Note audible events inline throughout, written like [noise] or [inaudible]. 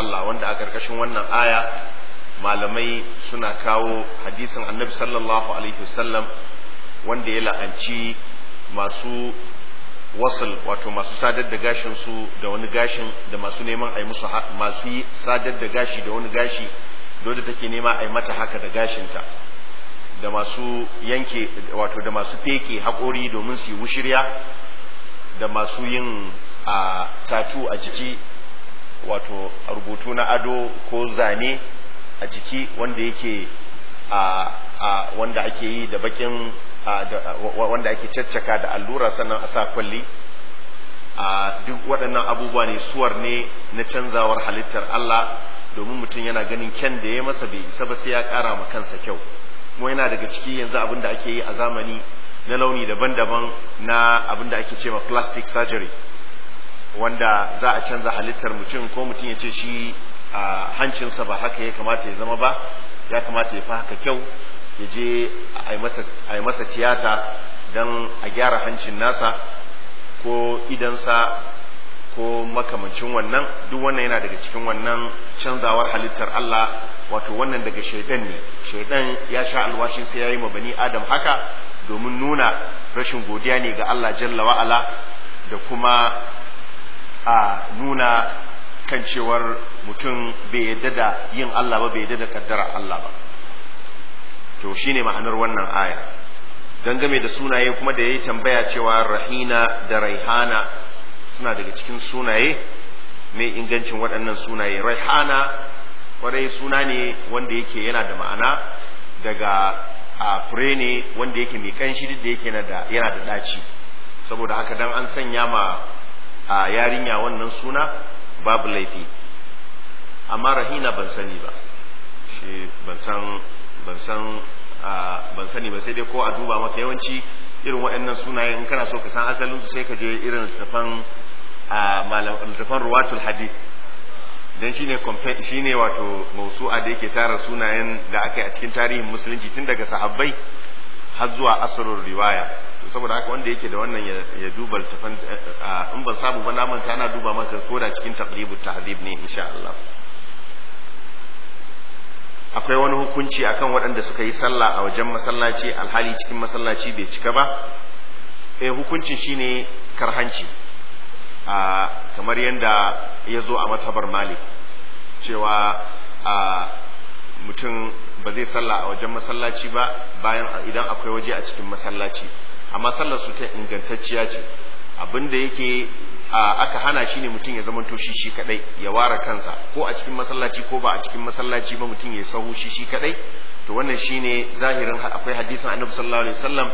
Allah wanda a ƙarƙashin wannan aya malamai suna kawo hadisin annabi sallallahu alaihi wasallam wanda ya la'anci masu wasul wato masu sadar da gashin su da wani gashin da masu neman ai musu masu sadar da gashi da wani gashi dole take nema ai mata haka da gashinta da masu yanke wato da masu feke haƙori domin su yi wushirya da masu yin a tatu a jiki wato rubutu na ado ko zane a jiki wanda yake a wanda ake yi da bakin wanda ake caccaka da allura sannan a sa kwalli a duk waɗannan abubuwa ne suwar ne na canzawar halittar Allah domin mutum yana ganin kyan da ya masa bai isa ba sai ya ƙara ma kansa kyau kuma yana daga ciki yanzu abin da ake yi a zamani na launi daban-daban na abin da ake ma plastic surgery wanda za a canza halittar mutum ko mutum ya ce shi a hancinsa ba haka ya kamata ya zama ba ya kamata ya fi haka kyau ya je a yi masa tiyata don a gyara hancin nasa ko idansa ko makamancin wannan duk wannan yana daga cikin wannan canzawar halittar Allah wato wannan daga shaidan ne shaidan ya sha alwashin sai ya yi bani adam haka domin nuna rashin godiya ne ga Allah jalla wa'ala da kuma a nuna kan cewar mutum bai yadda da yin Allah ba bai yadda da kaddara Allah ba to shine ma'anar wannan aya game da sunaye kuma da yayi tambaya cewa rahina da raihana suna daga cikin sunaye mai ingancin waɗannan sunaye raihana kwarai suna ne wanda yake yana da ma'ana daga a ne wanda yake mai kanshi duk da yake yana da ɗaci saboda haka dan an sanya ma a yarinya wannan suna babu laifi amma rahina ban sani ba shi ban san ban san ban sani ba sai dai ko a duba maka yawanci irin waɗannan sunaye in kana so ka san asalin su sai ka je irin littafan littafan ruwatul hadith dan shine shine wato mausu'a da yake tara sunayen da aka yi a cikin tarihin musulunci tun daga sahabbai har zuwa asrul riwaya saboda haka wanda yake da wannan ya duba littafan eh, in ban samu ba naman ta na duba maka koda cikin taqribu tahdhib ne insha Allah akwai wani hukunci akan waɗanda suka yi sallah a wajen masallaci alhali cikin masallaci bai cika ba eh hukuncin shine karhanci a kamar yadda ya zo a matabar malik cewa a mutum ba zai sallah a wajen masallaci ba bayan idan akwai waje a cikin masallaci amma sallar su ta ingantacciya ce abinda yake aka hana shi ne mutum ya zama shi shi kadai ya ware kansa ko a cikin masallaci ko ba a cikin masallaci ba mutum ya sahu shi shi kadai to wannan shine zahirin akwai hadisin annabi sallallahu alaihi wasallam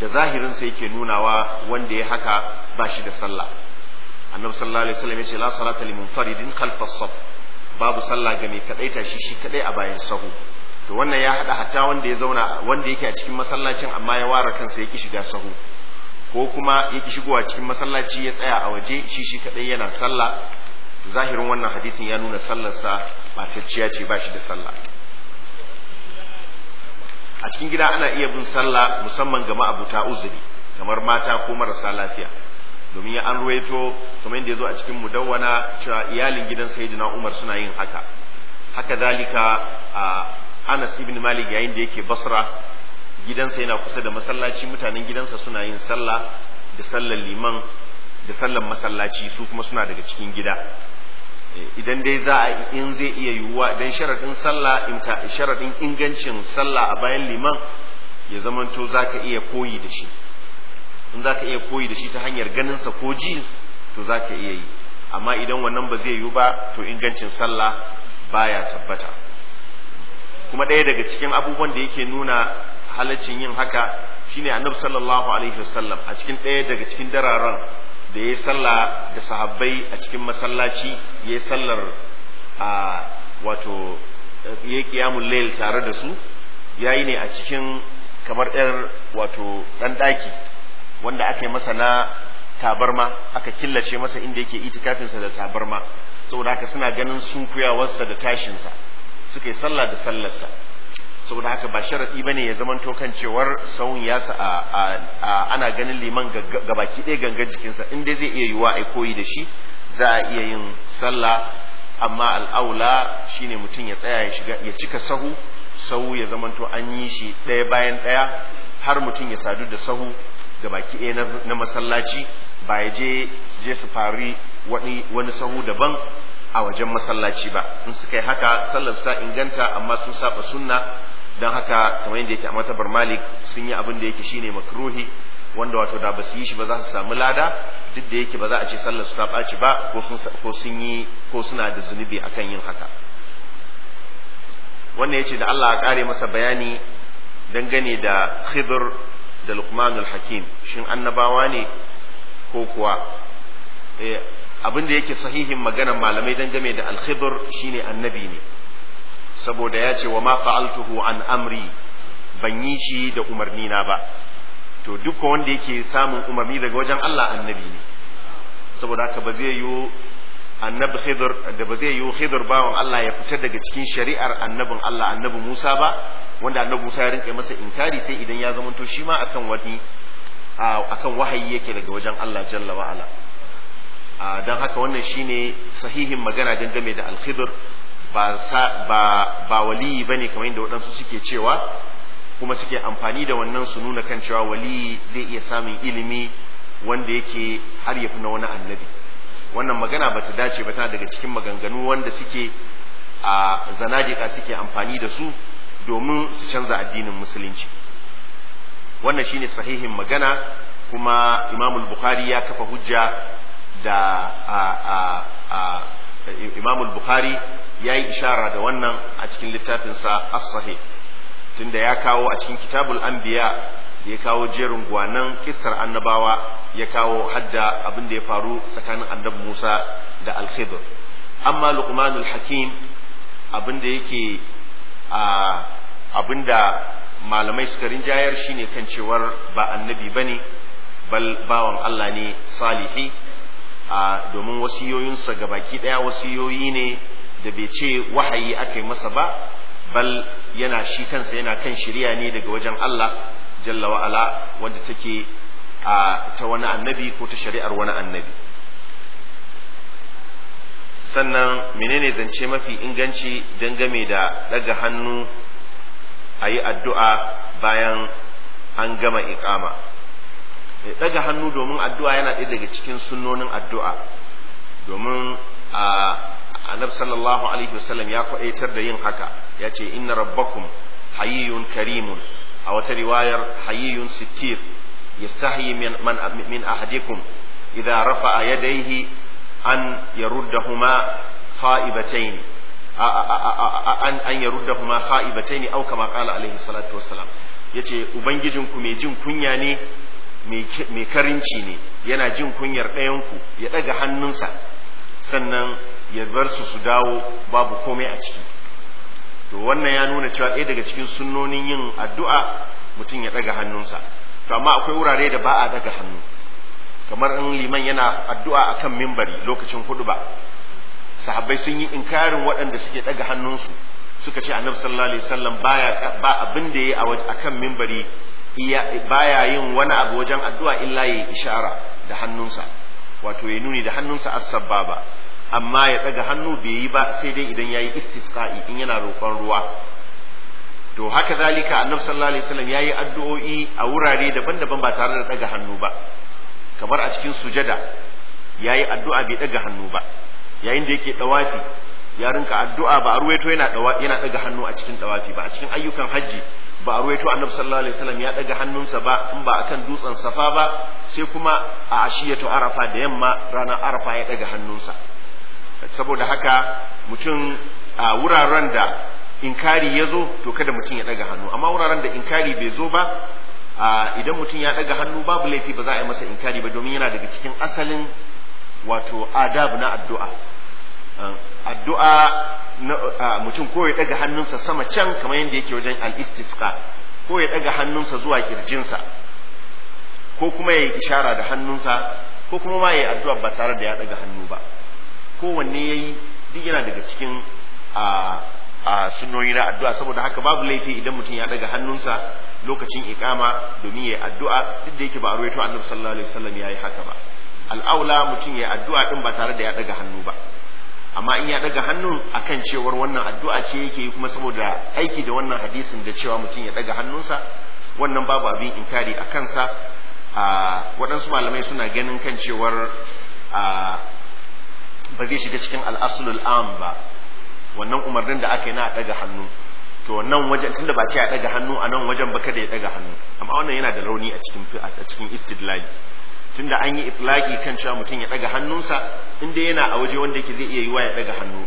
da zahirin sa yake nunawa wanda ya haka ba shi da sallah annabi sallallahu alaihi wasallam yace la salata munfaridin khalfas saf babu sallah ga mai kadaita shi shi kadai a bayan sahu to wannan ya haɗa hatta wanda ya zauna wanda yake a cikin masallacin amma ya ware kansa yake shiga sahu ko kuma yake shigowa cikin masallaci ya tsaya a waje shi shi kadai yana sallah zahirin wannan hadisin ya nuna sallarsa batacciya ce ba shi da sallah a cikin gida ana iya bin sallah musamman ga ma'abuta uzuri kamar mata ko marasa lafiya domin ya an ruwaito kamar yadda ya zo a cikin mudawwana cewa iyalin gidan sayyidina umar suna yin haka haka zalika a Anas ibn Malik yayin da yake Basra gidansa yana kusa da masallaci mutanen gidansa suna yin sallah da sallar liman da sallar masallaci su kuma suna daga cikin gida eh, idan dai za a in zai iya yiwuwa dan sharadin sallah in ka sharadin ingancin sallah a bayan liman ya zamanto zaka iya koyi da shi in zaka iya koyi da shi ta hanyar ganin sa ko ji to zaka iya yi amma idan wannan ba zai yiwu ba to ingancin sallah baya tabbata kuma ɗaya daga cikin abubuwan da yake nuna halaccin yin haka shine annabi sallallahu alaihi wasallam a cikin ɗaya daga cikin dararen da ya sallah da sahabbai a cikin masallaci ya sallar a wato ya kiyamun layl tare da su Ya yi ne a cikin kamar ɗan wato ɗan ɗaki wanda aka yi masa na tabarma aka killace masa inda yake itikafinsa da tabarma saboda haka suna ganin sunkuyawarsa da tashinsa suka yi sallah da sallarsa saboda haka ba sharaɗi ba ne ya zaman kan cewar sauyin ya sa ana ganin liman gabaki ɗaya gangan jikinsa in dai zai iya yiwa a koyi da shi za a iya yin sallah amma al'aula shine mutum ya tsaya ya shiga ya cika sahu sahu ya zamanto an yi shi ɗaya bayan ɗaya har mutum ya sadu da sahu gabaki ɗaya na masallaci ba ya je je su fari wani sahu daban a wajen masallaci ba in suka yi haka sallar su ta inganta amma sun saba sunna don haka kamar yadda yake a matabar malik sun yi abin da yake shine makruhi wanda wato da ba su yi shi ba za su samu lada duk da yake ba za a ce sallar su ta ɓaci ba ko sun yi ko suna da zunubi akan yin haka wannan ya ce da Allah ya kare masa bayani dangane da khidr da luqmanul hakim shin annabawa ne ko kuwa eh, abin da yake sahihin maganar malamai game da alkhidr shine annabi ne saboda ya ce wa ma fa'altuhu an amri ban yi shi da umarni na ba to duka wanda yake samun umarni daga wajen Allah annabi ne saboda haka ba zai yi annabi khidr da ba zai yi khidr bawan Allah ya fita daga cikin shari'ar annabin Allah annabi Musa ba wanda annabi Musa ya rinke masa inkari sai idan ya zamanto shi ma akan wani akan wahayi yake daga wajen Allah jalla wa ala don haka wannan shine sahihin magana dangane da alkhidr ba ba waliyi bane kamar yadda waɗansu suke cewa kuma suke amfani da wannan su nuna kan cewa waliyi zai iya samun ilimi wanda yake har yafi na wani annabi wannan magana ba ta dace ba ta daga cikin maganganu wanda suke a zanadika suke amfani da su domin su canza addinin musulunci wannan shine sahihin magana kuma imamul bukhari ya kafa hujja da imam bukhari ya yi ishara da wannan a cikin littafinsa as-sahih tunda ya kawo a cikin kitabul anbiya ya kawo jerin gwanan kissar annabawa ya kawo hadda abin da ya faru tsakanin Annab Musa da al-Khidr amma Luqmanul Hakim abin da yake abin da malamai suka rinjayar shine kan cewar ba annabi bane bal bawan Allah ne salihi domin wasiyoyinsa ga baki daya wasiyoyi ne da bai ce wahayi aka yi masa ba bal yana shi kansa yana kan shirya ne daga wajen Allah jalla wa wanda take a ta wani annabi ko ta shari'ar wani annabi sannan menene zance mafi inganci game da daga hannu a yi addu'a bayan an gama iƙama ya ɗaga hannu domin addu'a yana ɗaya daga cikin sunnonin addu'a domin a annabi sallallahu alaihi wasallam ya kwaɗaitar da yin haka ya ce inna rabbakum hayyun karimun a wata riwayar hayyun sittir yastahi min min ahadikum idza rafa'a yadayhi an yaruddahuma kha'ibatayn an an yaruddahuma kha'ibatayn aw auka qala alaihi salatu Ya yace ubangijinku mai jin kunya ne mai karinci ne yana jin kunyar ɗayanku ya ɗaga hannunsa sannan ya bar su su dawo babu komai a ciki to wannan ya nuna cewa ɗaya daga cikin sunnonin yin addu'a mutum ya ɗaga hannunsa to amma akwai wurare da ba a ɗaga hannu kamar in liman yana addu'a a kan mimbari lokacin hudu ba sahabbai sun yi inkarin waɗanda suke ɗaga hannunsu suka ce annabi sallallahu alaihi wasallam ba abin da ya yi a kan mimbari baya yin wani abu wajen addu'a illa ya ishara da hannunsa wato ya nuni da hannunsa as ba amma ya daga hannu bai yi ba sai dai idan yayi istisqa'i in yana roƙon ruwa to haka zalika annabi sallallahu alaihi wasallam yayi addu'o'i a wurare daban-daban ba tare da daga hannu ba kamar a cikin sujada yayi addu'a bai daga hannu ba yayin da yake dawafi ya rinka addu'a ba a ruwaito yana yana daga hannu a cikin dawafi ba a cikin ayyukan hajji ba a ruwaito annabi sallallahu alaihi wasallam ya daga hannunsa ba in ba akan dutsen safa ba sai kuma a ashiyatu arafa da yamma ranar arafa ya daga hannunsa saboda haka mutum a wuraren da inkari ya zo to kada mutum ya daga hannu amma wuraren da inkari bai zo ba idan mutum ya daga hannu babu laifi ba za a yi masa inkari ba domin yana daga cikin asalin wato adab na addu'a addu'a mutum ko ya daga hannunsa sama can kamar yadda yake wajen al-istisqa ko ya daga hannunsa zuwa kirjinsa ko kuma ya yi ishara da hannunsa ko kuma ma ya addu'a ba tare da ya daga hannu ba ko kowanne yayi duk yana daga cikin a sunnoyi na addu'a saboda haka babu laifi idan mutum ya daga hannunsa lokacin iƙama domin ya addu'a duk da yake ba ruwaito annabi sallallahu alaihi wasallam yayi haka ba al'aula mutum ya yi addu'a din ba tare da ya daga hannu ba amma in ya daga hannun akan cewar wannan addu'a ce yake yi kuma saboda aiki da wannan hadisin da cewa mutum ya daga hannunsa wannan babu abin inkari a kansa a waɗansu malamai suna ganin kan cewar ba zai shiga cikin al'asulul am ba wannan umarnin da aka yi na daga hannu to nan wajen tunda ba ce a daga hannu a nan wajen ba kada ya daga hannu amma wannan yana da rauni a cikin a cikin istidlali Tun da an yi itlaki kan cewa mutum ya daga hannunsa inda yana a waje wanda yake zai iya yiwa ya daga hannu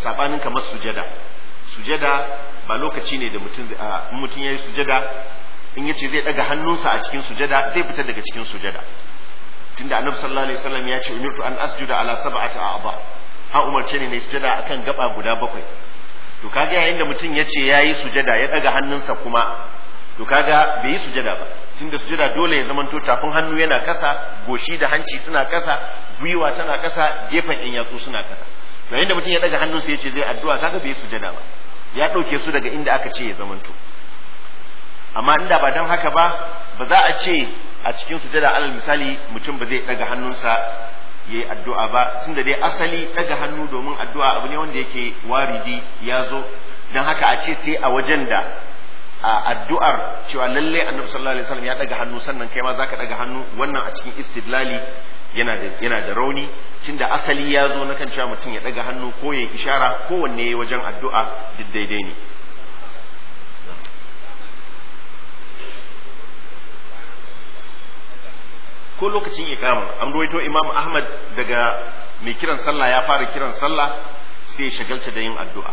sabanin kamar sujada sujada ba lokaci ne da mutum in mutum ya yi sujada in ya ce zai ɗaga hannunsa a cikin sujada zai fita daga cikin sujada da annabi sallallahu alaihi wasallam ya ce umirtu an asjuda ala sab'ati a'dha ha umarce ne ne sujada akan gaba guda bakwai to kaga yayin da mutum ya ce yayi sujada ya daga hannunsa kuma to kaga bai yi sujada ba tunda sujada dole ya zamanto tafin hannu yana kasa goshi da hanci suna kasa gwiwa tana kasa gefen in yatsu suna kasa to yayin da mutum ya daga hannunsa ya ce zai addu'a kaga bai yi sujada ba ya ɗauke su daga inda aka ce ya zamanto amma inda ba dan haka ba ba za a ce a cikin sujada alal misali mutum ba zai daga hannunsa yayi addu'a ba tunda dai asali daga hannu domin addu'a abu ne wanda yake waridi ya zo don haka a ce sai a wajen da a addu'ar cewa lalle annabi sallallahu alaihi wasallam ya daga hannu sannan kai ma zaka daga hannu wannan a cikin istidlali yana da yana da rauni tunda asali ya zo na kan cewa mutum ya daga hannu ko ya ishara kowanne wajen addu'a duk daidai ne ko lokacin iqama an ruwaito imam ahmad daga mai kiran sallah ya fara kiran sallah sai ya shagalta da yin addu'a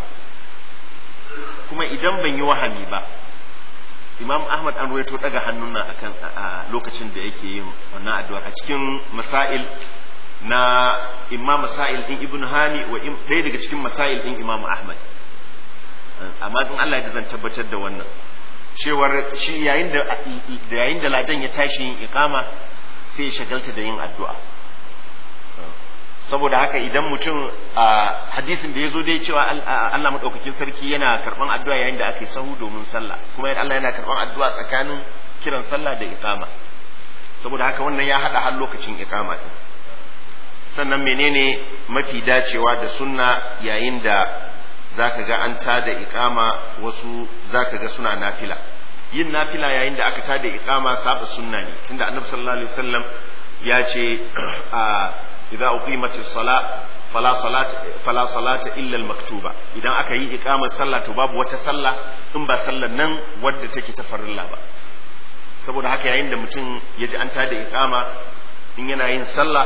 kuma idan ban yi wahami ba imam ahmad an ruwaito daga hannun nan akan lokacin da yake yin wannan addu'a a cikin masail na imam masail din ibn hani wa ɗaya daga cikin masail din imam ahmad amma in Allah ya zan tabbatar da wannan cewar shi yayin da yayin da ladan ya tashi yin iqama sai ya shagalta da yin addu'a saboda haka idan mutum a hadisin da ya zo dai cewa Allah maɗaukakin sarki yana karɓan addu'a yayin da aka sahu domin sallah kuma Allah yana karɓan addu'a tsakanin kiran sallah da iqama saboda haka wannan ya haɗa har lokacin iqama din sannan menene mafi dacewa da sunna yayin da zaka ga an tada iqama wasu zaka ga suna nafila yin nafila yayin da aka ta da iqama saba sunna ne tunda annabi sallallahu alaihi wasallam ya ce a idza uqimatis sala fala salata fala ta illa al maktuba idan aka yi iqamar sallah to babu wata sallah in ba sallan nan wadda take ta farilla ba saboda haka yayin da mutum ya ji an tada iqama in yana yin sallah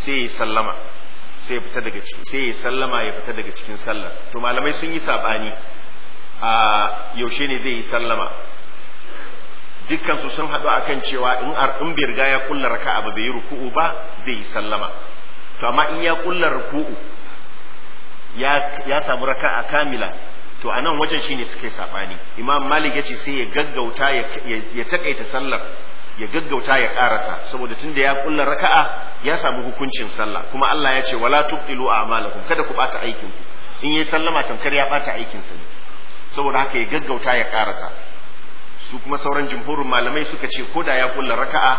sai ya sallama sai ya fita daga ciki sai ya sallama ya fita daga cikin sallah to malamai sun yi sabani a yaushe ne zai yi sallama dukkan su sun haɗu akan cewa in in riga ya kulla raka'a ba bai yi ruku'u ba zai yi sallama to amma in ya kulla ruku'u ya ya samu raka'a kamila to a nan wajen shine suke sabani imam malik yace sai ya gaggauta ya takaita sallar ya gaggauta ya karasa saboda tunda ya kulla raka'a ya samu hukuncin sallah kuma Allah ya ce wala tuqilu a'malakum kada ku bata aikin ku in yi sallama tamkar ya bata aikin sa saboda haka ya gaggauta ya karasa su kuma sauran jumhurin malamai suka ce koda ya kulla raka'a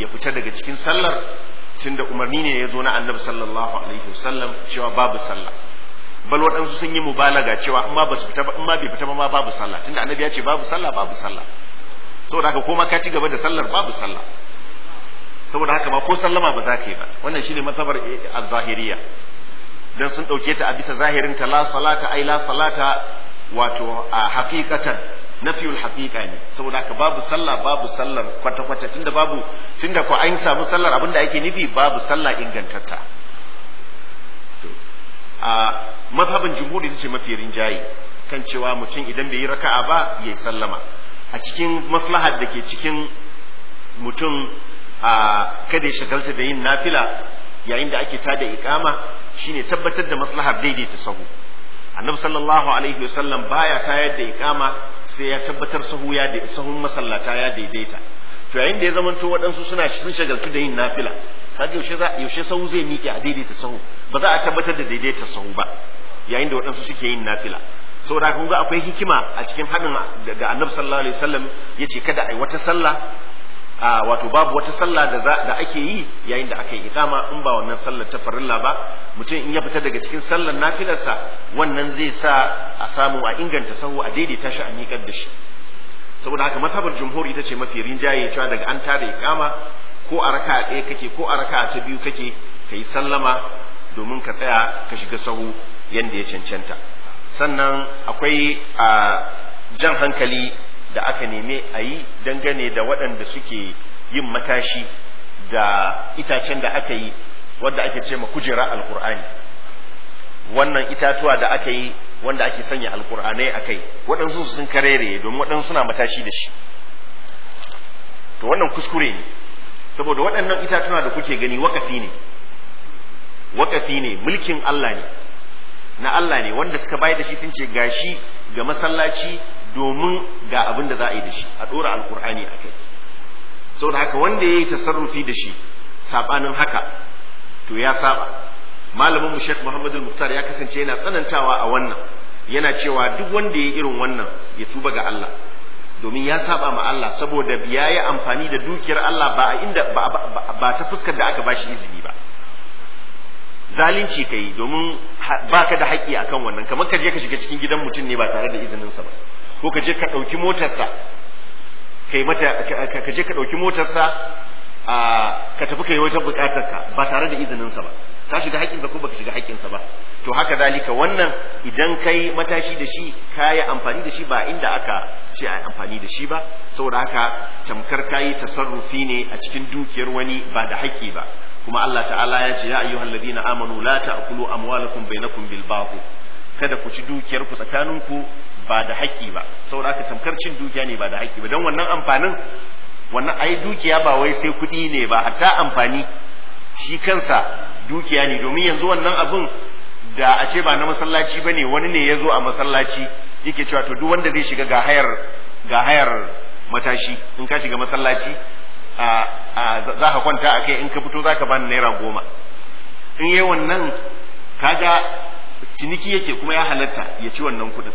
ya fita daga cikin sallar tunda umarni ne ya zo na annabi sallallahu alaihi wasallam cewa babu sallah bal waɗansu sun yi mubalaga cewa in ma ba su fita ba in ma bai fita ba ma babu sallah tunda annabi ya ce babu sallah babu sallah saboda haka ko ma ka ci gaba da sallar babu sallah saboda haka ma ko sallama ba za ka yi ba wannan shine mazhabar eh, az-zahiriyya dan sun dauke ta a bisa zahirin ta la salata ai la salata wato a haqiqatan nafiyul haqiqa ne saboda haka babu sallah babu sallar kwata kwata tunda babu tunda ko an samu sallar abinda ake nufi babu sallah ingantatta a mazhabin jumhuri ce mafi rinjaye kan cewa mutum idan bai yi raka'a ba yayi sallama a cikin maslahar da ke cikin mutum a kada ya shagalta da yin nafila yayin da ake tada ikama shine tabbatar da maslahar daidaita sahu annabi sallallahu alaihi wasallam baya tayar da ikama sai ya tabbatar sahu ya da sahun masallata ya daidaita to yayin da ya to waɗansu suna sun shagaltu da yin nafila kaga yaushe za yaushe sahu zai miƙe a daidaita sahu ba za a tabbatar da daidaita sahu ba yayin da waɗansu suke yin nafila da kun ga akwai hikima a cikin haɗin da annabi sallallahu alaihi wasallam yace kada ai wata sallah a wato babu wata sallah da da ake yi yayin da aka yi iqama in ba wannan sallar ta farilla ba mutum in ya fita daga cikin sallar nafilarsa wannan zai sa a samu a inganta sahu a daidaita shi a miƙar da shi saboda haka mazhabar jumhur ita ce mafi rinjaye cewa daga an tada iqama ko a raka ɗaya kake ko a raka ta biyu kake ka yi sallama domin ka tsaya ka shiga sahu yadda ya cancanta sannan akwai a jan hankali da aka neme a yi dangane da waɗanda suke yin matashi da itacen da aka yi wanda ake ce ma kujera alkur'ani wannan itatuwa da aka yi wanda ake sanya alkur'anai a kai waɗansu sun karere domin waɗansu suna matashi da shi to wannan kuskure ne saboda waɗannan itatuwa da kuke gani wakafi ne wakafi ne mulkin Allah ne na Allah ne wanda suka bayar da shi sun ce gashi ga masallaci domin ga abin da za a yi da shi a ɗora alkur'ani a kai saboda haka wanda ya yi tasarrufi da shi saɓanin haka to ya saba malamin mu Sheikh Muhammadu Muktar ya kasance yana tsanantawa a wannan yana cewa duk wanda ya irin wannan ya tuba ga Allah domin ya saba ma Allah saboda ya yi amfani da dukiyar Allah ba a inda ba ta fuskar da aka bashi izini ba zalunci kai domin baka da haƙƙi akan wannan kamar ka je ka shiga cikin gidan mutum ne ba tare da izininsa ba ko ka je ka ɗauki motarsa kai mata ka je ka ɗauki motarsa ka tafi kai wata bukatar ka ba tare da izininsa ba ka shiga haƙƙinsa ko baka shiga haƙƙinsa ba to haka zalika wannan idan kai matashi da shi kayi amfani da shi ba inda aka ce a amfani da shi ba saboda haka tamkar ka tasarrufi ne a cikin dukiyar wani ba da haƙƙi ba kuma Allah ta'ala ya ce ya ayyuhal ladina amanu la ta'kulu amwalakum bainakum bil batil kada ku ci dukiyar ku tsakaninku ba da haƙƙi ba saboda aka tamkar cin dukiya ne ba da haƙƙi ba don wannan amfanin wannan ai dukiya ba wai sai kuɗi ne ba hatta amfani shi kansa dukiya ne domin yanzu wannan abin da a ce ba na masallaci ba ne wani ne ya zo a masallaci yake cewa to duk wanda zai shiga ga hayar ga hayar matashi in ka shiga masallaci za ka kwanta a kai in ka fito za ka bani naira goma in yi wannan kaga ciniki yake kuma ya halatta ya ci wannan kuɗin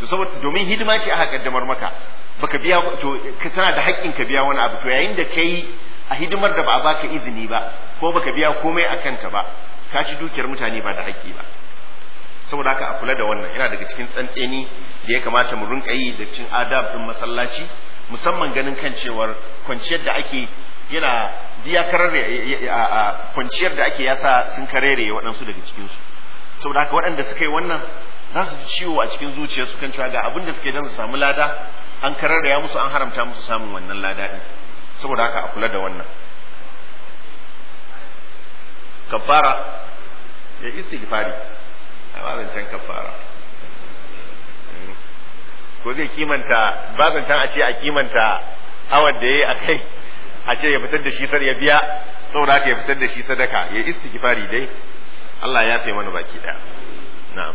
to saboda domin hidima ce aka kaddamar maka baka biya to tana da haƙƙin ka biya wani abu to yayin da kai a hidimar da ba a baka izini ba ko baka biya komai a kanta ba ka ci dukiyar mutane ba da haƙƙi ba saboda haka a kula da wannan yana daga cikin tsantseni da ya kamata mu rinka yi da cin adab din masallaci musamman ganin kan cewar kwanciyar da ake yana biya karare a kwanciyar da ake yasa sun karere waɗansu daga cikinsu saboda haka waɗanda suka yi wannan za su ji ciwo a cikin zuciya su kan cewa ga abin da suke don su samu lada an karar da ya musu an haramta musu samun wannan lada din saboda haka a kula da wannan kafara ya istighfari amma zancen kafara ko zai kimanta ba can a ce a kimanta awar da ya yi a kai a ce ya fitar da shi sar ya biya saboda haka ya fitar da shi sadaka ya istighfari dai Allah ya fi mana baki daya na'am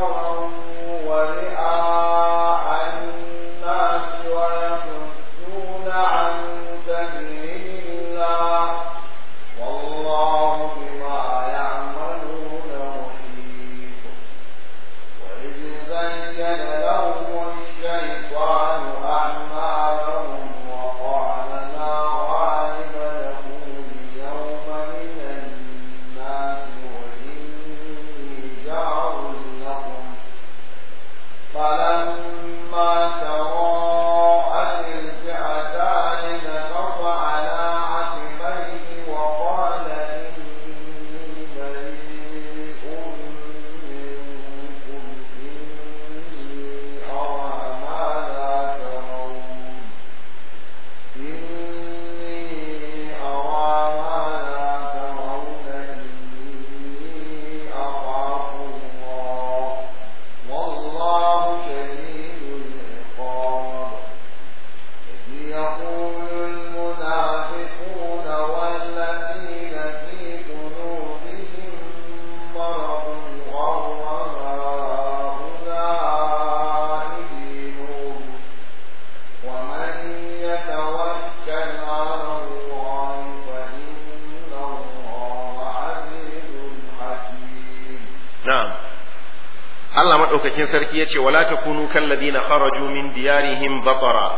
madaukakin sarki yace wala takunu ladina kharaju min diyarihim batara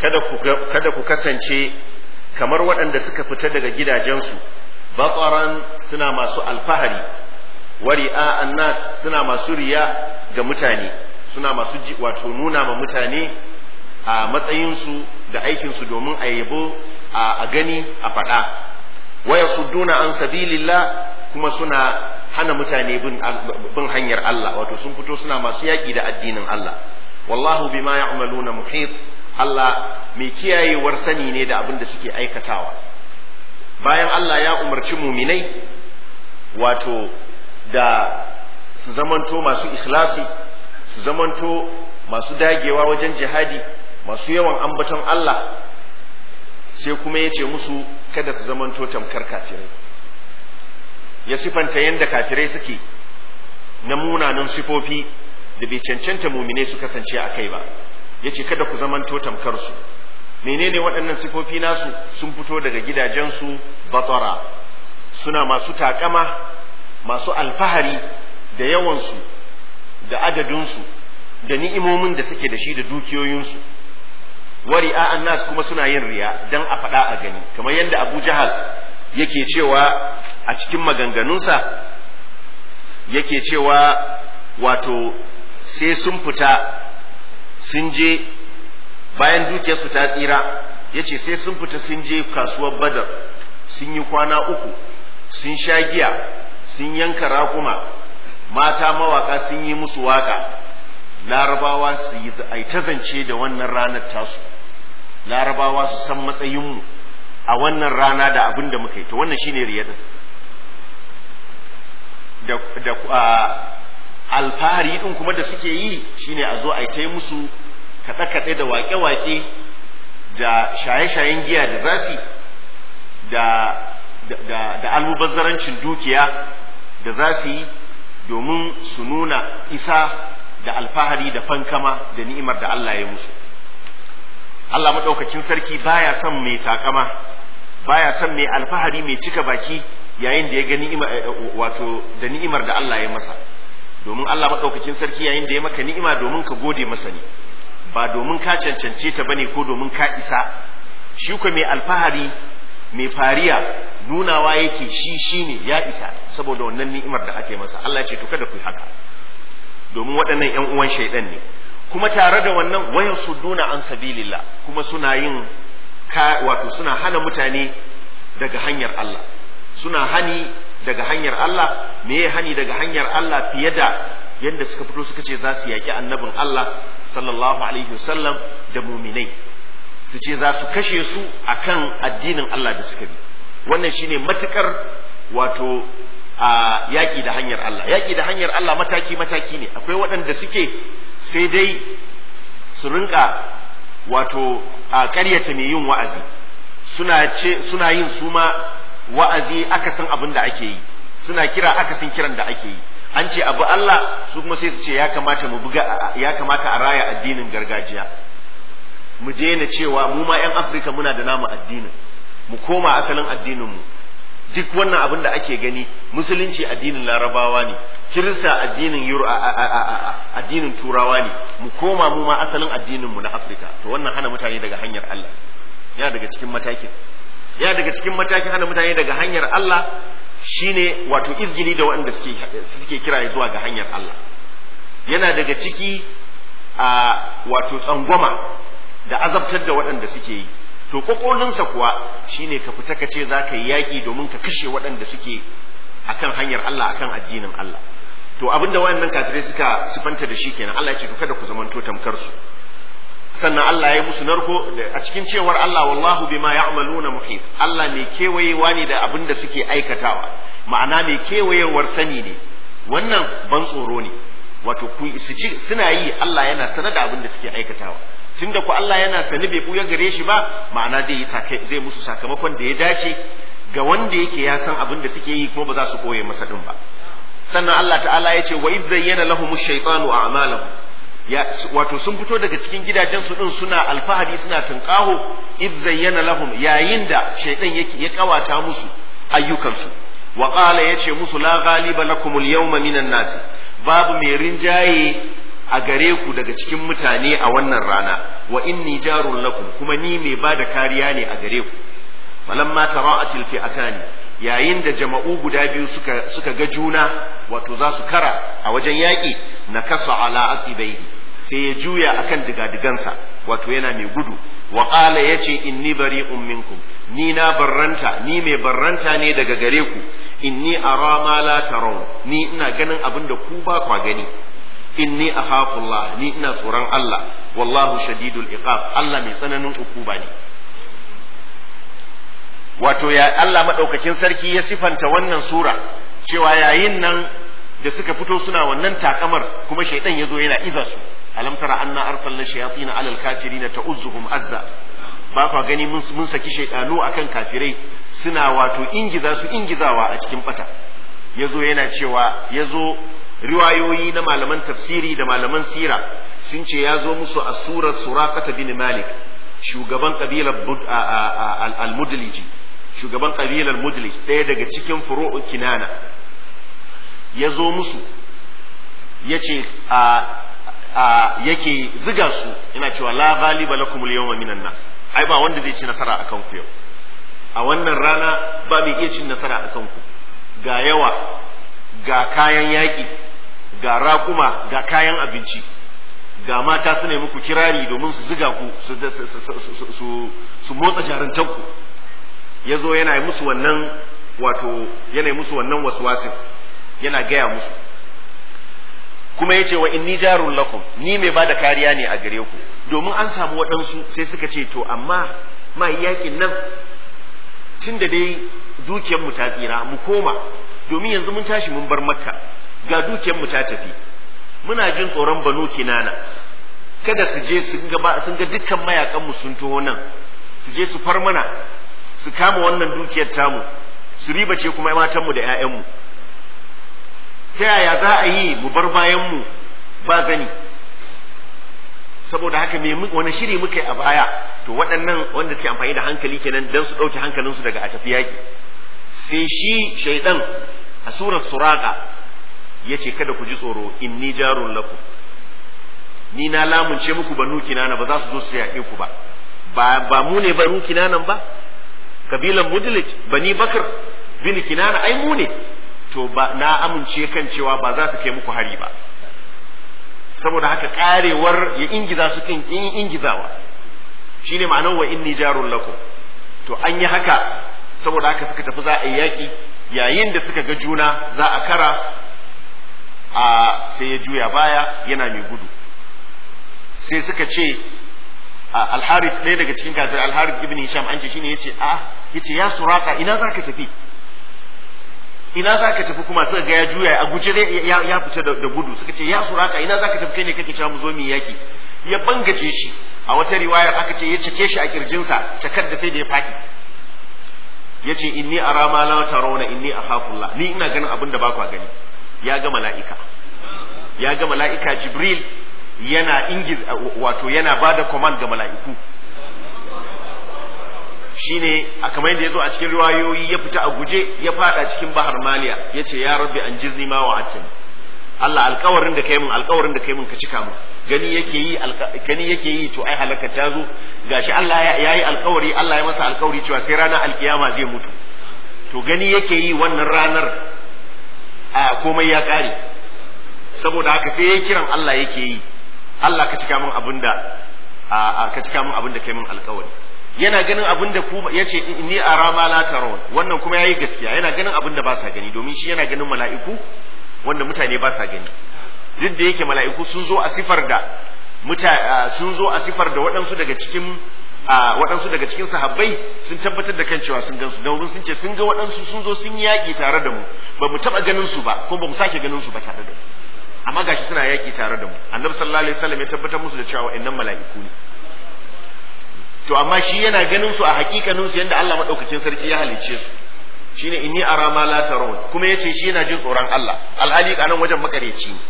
kada ku kada ku kasance kamar waɗanda suka fita daga gidajensu bataran suna masu alfahari wari'a annas suna masu riya ga mutane suna masu wato nuna ma mutane a matsayinsu da aikinsu domin a yabo a gani a faɗa waya an sabilillah kuma suna hana mutane bin hanyar Allah wato sun fito suna masu yaƙi da addinin Allah wallahu bima ya'maluna muhit Allah mai kiyayewar sani ne da abin da suke aikatawa bayan Allah ya umarci muminai wato da su zamanto masu ikhlasi su zamanto masu dagewa wajen jihadi masu yawan ambaton Allah sai kuma ya ce musu kada su zamanto tamkar kafirai ya sifanta yadda kafirai suke na munanan sifofi da bai cancanta mumine su kasance a kai ba ya ce kada ku zamanto tamkarsu menene waɗannan sifofi nasu sun fito daga gidajensu batsara suna masu takama masu alfahari da yawansu da adadinsu da ni'imomin da suke da shi da dukiyoyinsu Wari a annas kuma suna yin riya dan a faɗa a gani kamar yadda abu jahal yake cewa a cikin maganganunsa yake cewa wato sai sun fita sun je bayan dukiyarsu ta tsira ya ce sai sun fita sun je kasuwar badar sun yi kwana uku sun sha giya sun yanka rakuma mata mawaka sun yi musu waka larabawa su yi ta zance da wannan ranar tasu larabawa su san matsayinmu a wannan rana da abin da muka yi to wannan shine riya da da alfahari din kuma da suke yi shine a zo a yi musu kaɗe-kaɗe da waƙe-waƙe da shaye-shayen giya da zasi da da almubazzarancin dukiya da za su yi domin su nuna isa da alfahari da fankama da ni'imar da Allah ya musu Allah maɗaukakin sarki baya son mai takama baya son mai alfahari mai cika baki yayin da ya ni'ima eh, eh, wato da ni'imar da Allah ya masa domin Allah maɗaukakin sarki yayin da ya maka ni'ima domin ka gode masa ne ba domin ka cancance ta bane ko domin ka isa shi ko mai alfahari mai fariya nunawa yake shi shine ya isa saboda wannan ni'imar da ake masa Allah ya ce to kada ku yi haka domin waɗannan ƴan uwan shaidan ne kuma tare da wannan wayan sudduna an sabilillah kuma suna yin wato suna hana mutane daga hanyar Allah suna hani daga hanyar Allah me ya hani daga hanyar Allah fiye da yadda suka fito suka ce za su yaƙi annabin Allah sallallahu alaihi wasallam da muminai su ce za su kashe su akan addinin Allah da suka bi wannan shine matukar wato a yaƙi da hanyar Allah yaƙi da hanyar Allah mataki mataki ne akwai waɗanda suke sai dai su rinka wato a ƙaryata mai yin wa'azi suna ce suna yin suma wa'azi akasin abin da ake yi suna kira akasin kiran da ake yi an ce abu Allah su kuma sai su ce ya kamata mu buga ya kamata a raya addinin gargajiya mu daina cewa mu ma 'yan Afirka muna da namu addinin mu koma asalin addinin mu duk wannan abin da ake gani musulunci addinin larabawa ne kirista addinin addinin turawa ne mu koma mu ma asalin addinin mu na afirka to wannan hana mutane daga hanyar allah yana daga cikin matakin ya daga cikin matakin hana mutane daga hanyar allah shine wato izgili da waɗanda suke suke kira zuwa ga hanyar allah yana daga ciki a wato tsangwama da azabtar da waɗanda suke yi to kokolinsa kuwa shine ka fita ka ce zaka yi yaki domin ka kashe waɗanda suke akan hanyar Allah akan addinin Allah to abinda wayannan kafirai suka sifanta da shi kenan Allah ya ce to kada ku zamanto tamkar su sannan Allah ya yi musu narko a cikin cewar Allah wallahu bima ya'maluna muhit Allah mai kewayewa ne da abinda suke aikatawa ma'ana mai kewayewar sani ne wannan ban tsoro ne wato suna yi Allah yana sanar da abinda suke aikatawa tunda ku Allah yana sani bai buya gare shi ba ma'ana zai yi zai musu sakamakon da ya dace ga wanda yake ya san abin da suke yi kuma ba za su koye masa din ba sannan Allah ta'ala ya ce wa iz zayyana lahum shaytanu a'malahu ya wato sun fito daga cikin gidajen su din suna alfahari suna tunƙaho iz zayyana lahum yayin da shaytan yake ya kawata musu ayyukansu wa qala yace musu la ghaliba lakum al-yawma minan nas babu mai rinjaye a gare ku daga cikin mutane a wannan rana wa inni jarun lakum kuma ni mai ba da kariya ne a gare ku falamma tara'atil fi'atani yayin da jama'u guda biyu suka suka ga juna wato za su kara a wajen yaƙi na kasa ala aqibaihi sai ya juya akan digadigansa wato yana mai gudu wa qala yace inni bari'un minkum ni na barranta ni mai barranta ne daga gare ku inni ara ma la tarawun ni ina ganin abin da ku ba kwa gani inni akhafullah ni ina tsoron Allah wallahu shadidul iqab Allah mai tsananin ukuba ne wato ya Allah madaukakin sarki ya sifanta wannan sura cewa yayin nan da suka fito suna wannan takamar kuma shaidan ya zo yana iza su alam tara anna arsalna shayatin alal kafirina ta'uzuhum azza ba ka gani mun saki shaidanu akan kafirai suna wato ingiza su ingizawa a cikin bata yazo yana cewa yazo riwayoyi na malaman tafsiri da malaman sira sun ce ya zo musu a surar suraqata bin malik shugaban kabilar al-mudliji shugaban kabilar mudlij ɗaya daga cikin furo'u kinana ya zo musu ya ce yake ziga su ina cewa la ghaliba lakum al-yawma minan nas ai ba wanda zai ci nasara akan ku yau a wannan rana ba mai iya cin nasara akan ku ga yawa ga kayan yaƙi ga raƙuma ga kayan abinci ga mata suna muku kirari domin su ziga ku su motsa jarintanku ya zo yana yi musu wannan wato yana yi musu wannan yana gaya musu kuma ya ce wa inni jarun lakum ni mai ba da kariya ne a gare ku domin an samu waɗansu sai suka ce to amma ma yakin nan tun da dai mu ta tsira mu koma domin yanzu mun tashi mun bar makka ga dukiyar mu ta tafi muna jin tsoron banu kinana kada su je sun ga sun ga dukkan mayakan mu sun taho nan su je su far mana su kama wannan dukiyar tamu su riba ce kuma matanmu da ƴaƴan mu ta yaya za a yi mu bar bayan mu ba gani? saboda haka me wani shiri muka yi a baya to waɗannan wanda suke amfani da hankali kenan dan su ɗauke hankalinsu daga a tafi yaƙi sai shi shaidan a surar suraka Ya ce kada ku ji tsoro in ni jarun laku ni na lamunce muku banu kinana ba za su zo su yaƙe ku ba ba mu ne banu kinanan ba kabilan mudlij bani bakar bin kinana ai mu ne to ba na amince kan cewa ba za su kai muku hari ba saboda haka karewar ya ingiza su kin ingizawa shine ma'anar wa inni jarun lakum to an yi haka saboda haka suka tafi za a yi yaƙi yayin da suka ga juna za a kara a sai ya juya baya yana mai gudu sai suka ce alharif ɗaya daga cikin kafir alharif ibn hisham an ce shine yace a ah, yace ya suraka ina zaka tafi ina zaka tafi kuma suka ga ya juya a guje ya fita da gudu suka ce ya suraka ina zaka tafi kai ne kake cewa mu zo mu yaki ya bangaje shi a wata riwaya aka ce ya cike shi a kirjinsa cakar da sai da ya fadi yace inni arama la tarawna inni akhafullah ni ina ganin abin da ba ku gani ya ga mala'ika ya ga mala'ika jibril yana ingiz wato yana ba da command ga mala'iku shine a kamar yadda ya zo a cikin riwayoyi ya fita a guje ya fada cikin bahar maliya ya ce ya rabbi an jizni ma wa atin Allah alkawarin da kai mun alkawarin da kai mun ka cika mu gani yake yi gani yake yi to ai halaka ta zo gashi Allah ya yi alkawari Allah ya masa alkawari cewa sai ranar alkiyama zai mutu to gani yake yi wannan ranar a komai ya kare saboda haka sai ya kiran Allah yake yi Allah ka cika min abin da ka cika min abin da kai min alkawari yana ganin abin da kuma yace inni ara ma la tarawun wannan kuma yayi gaskiya yana ganin abin da ba sa gani domin shi yana ganin mala'iku wanda mutane ba sa gani duk da yake mala'iku sun zo a sifar da sun zo a sifar da waɗansu daga cikin a waɗansu daga cikin sahabbai sun tabbatar da kan cewa sun gansu domin sun ce sun ga waɗansu sun zo sun yaƙi tare da mu ba mu taɓa ganin su ba kuma ba mu sake ganin su ba tare da mu amma gashi suna yaƙi tare da mu annabi sallallahu alaihi wasallam ya tabbatar musu da cewa wa'annan mala'iku ne to amma shi yana ganin su a hakikanin su yanda Allah madaukakin sarki ya halice su shine inni ara ma la tarawun kuma yace shi yana jin tsoron Allah alhali kanan wajen makareci ne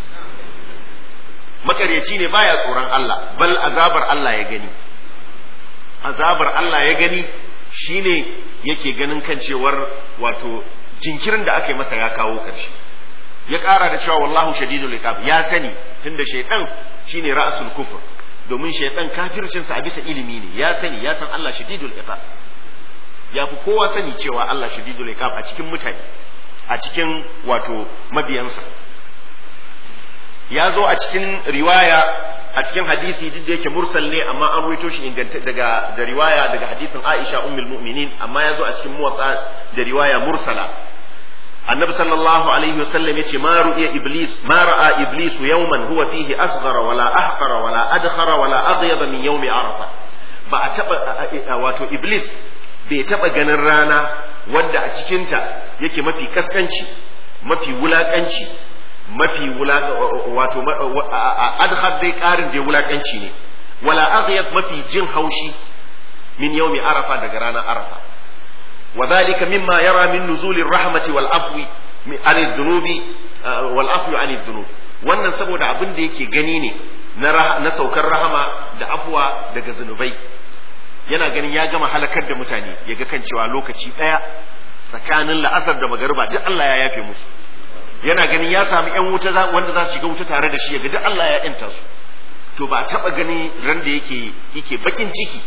makareci ne baya tsoron Allah bal azabar Allah ya gani azabar Allah ya gani shi ne yake ganin kan cewar wato jinkirin da aka yi masa ya kawo karshe ya ƙara da cewa wallahu Shadidu Likab ya sani tunda shaytan shine ra'sul kufr domin shaytan kafircin sa a bisa ilimi ne ya sani ya san Allah Shadidu Likab. ya fi kowa sani cewa Allah Shadidu Likab a cikin mutane a cikin wato mabiyansa ya zo a cikin riwaya a cikin hadisi duk da yake mursal ne amma an ruwaito shi daga da riwaya daga hadisin Aisha ummul mu'minin amma yazo a cikin muwatta da riwaya mursala annabi sallallahu alaihi wasallam yace ma ru'iya iblis ma ra'a iblis yawman huwa fihi asghara wala ahqara wala adkhara wala adyaba min yawmi arafa ba a taba wato iblis bai taba ganin rana wadda a cikinta yake mafi kaskanci mafi wulakanci mafi wato adhar dai karin da wulakanci ne wala aghyab mafi jin haushi min yawmi arafa daga ranar arafa wa dhalika mimma yara min nuzulir rahmati wal afwi an dhunubi wal afwi an dhunub wannan saboda abin da yake gani ne na saukar rahama da afwa daga zunubai yana ganin ya gama halakar da mutane ya ga kan cewa lokaci daya tsakanin la'asar da magariba duk Allah ya yafe musu yana ganin ya samu yan wuta wanda za su shiga wuta tare da shi yaga duk Allah ya yanta su to ba taba gani ran da yake yake bakin ciki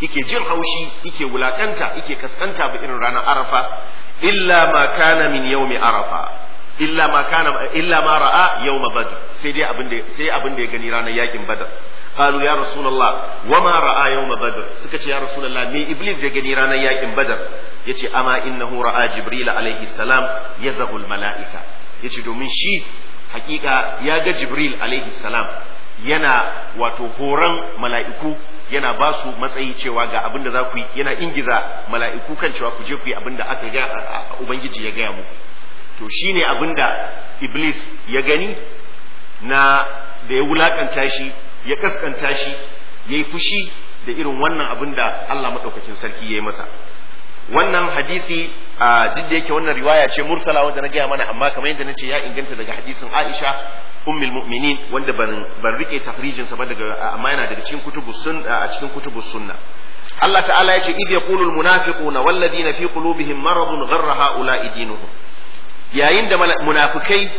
yake jin haushi yake wulakanta yake kaskanta ba irin ranar arafa illa ma kana min yawmi arafa illa ma kana illa ma ra'a yawma badr sai dai abin da sai abin da ya gani ranar yakin badr qalu ya rasulullah ma ra'a yawma badr suka ce ya rasulullah me iblis ya gani ranar yakin badr yace ama innahu ra'a jibril alaihi salam yazahu al malaika yace domin shi hakika ya ga jibril alaihi salam yana wato horon mala'iku yana ba su matsayi cewa ga abin da za ku yi yana ingiza mala'iku kan cewa ku je ku yi abin da aka ga ubangiji ya gaya muku to shi ne abin da iblis ya gani na da ya wulakanta shi ya kaskanta shi ya yi fushi da irin wannan abin da Allah maɗaukakin sarki ya yi masa wannan hadisi a duk da yake wannan riwaya ce mursala wanda na gaya mana amma kamar yadda na ce ya inganta daga hadisin Aisha ummul mu'minin wanda ban ban rike tafrijin sa ba daga amma yana daga cikin kutubus sunna a cikin kutubus sunna Allah ta'ala ya ce idh yaqulu al munafiquna wal ladina fi qulubihim maradun gharra haula'i dinuhum yayin da munafukai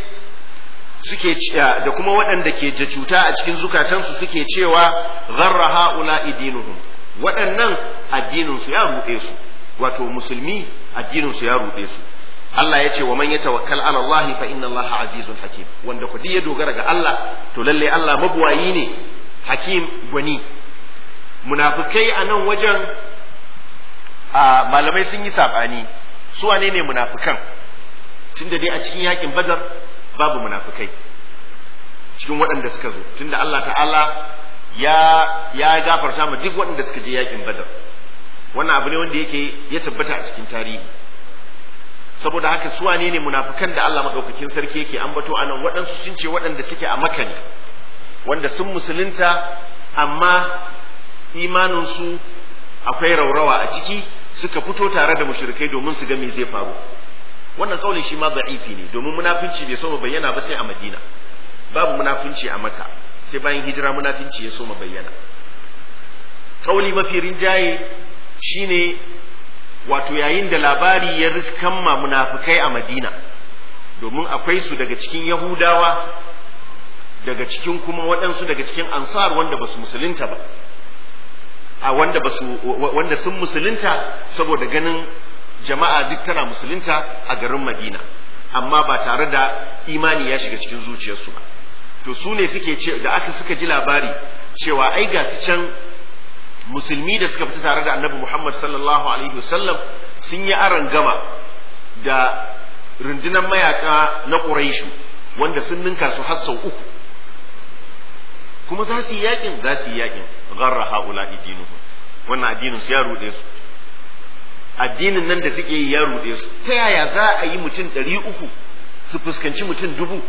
suke ah, da kuma waɗanda ke da cuta a cikin zukatansu suke cewa zarra haula idinuhum waɗannan addininsu ya ruɗe su wato musulmi addininsu ya ruɗe su Allah ya ce wa man yatawakkal ala Allah fa inna Allah azizun hakim wanda kudi ya dogara ga Allah to lalle Allah mabuwayi ne hakim gwani munafikai a nan wajen ah, malamai sun yi sabani su wane ne munafikan tunda dai a cikin yakin badar babu munafikai cikin waɗanda suka zo tunda Allah ta'ala ya ya gafarta ma duk waɗanda suka je yakin badar wannan abu ne wanda yake ya tabbata a cikin tarihi saboda haka su wane ne munafikan da Allah madaukakin sarki yake ambato anan waɗansu sun ce waɗanda suke a Makka ne wanda sun musulunta amma imaninsu akwai raurawa a ciki suka fito tare da mushrikai domin su ga me zai faru wannan kaulin shi ma da'ifi ne domin munafinci bai soma bayyana ba sai a madina babu munafinci a maka sai bayan hijira munafinci ya soma bayyana kauli mafi rinjaye shine wato yayin da labari ya riskan ma munafikai a madina domin akwai su daga cikin yahudawa daga cikin kuma waɗansu daga cikin ansar wanda ba su musulunta ba a wanda ba wanda sun musulunta saboda ganin jama'a duk tana musulunta a garin madina amma ba tare da imani ya shiga cikin zuciyarsu ba to su ne suke ce da aka suka ji labari cewa ai ga su can musulmi da suka fita tare da annabi muhammad sallallahu alaihi wasallam sun yi aron gama da rundunar mayaka na Quraishu wanda sun ninka su har sau uku kuma za su yi yakin za su yi yakin garra haula idinuhu wannan addinin su ya rude su addinin nan da suke yi ya ruɗe su ta yaya za a yi mutum ɗari uku su fuskanci mutum dubu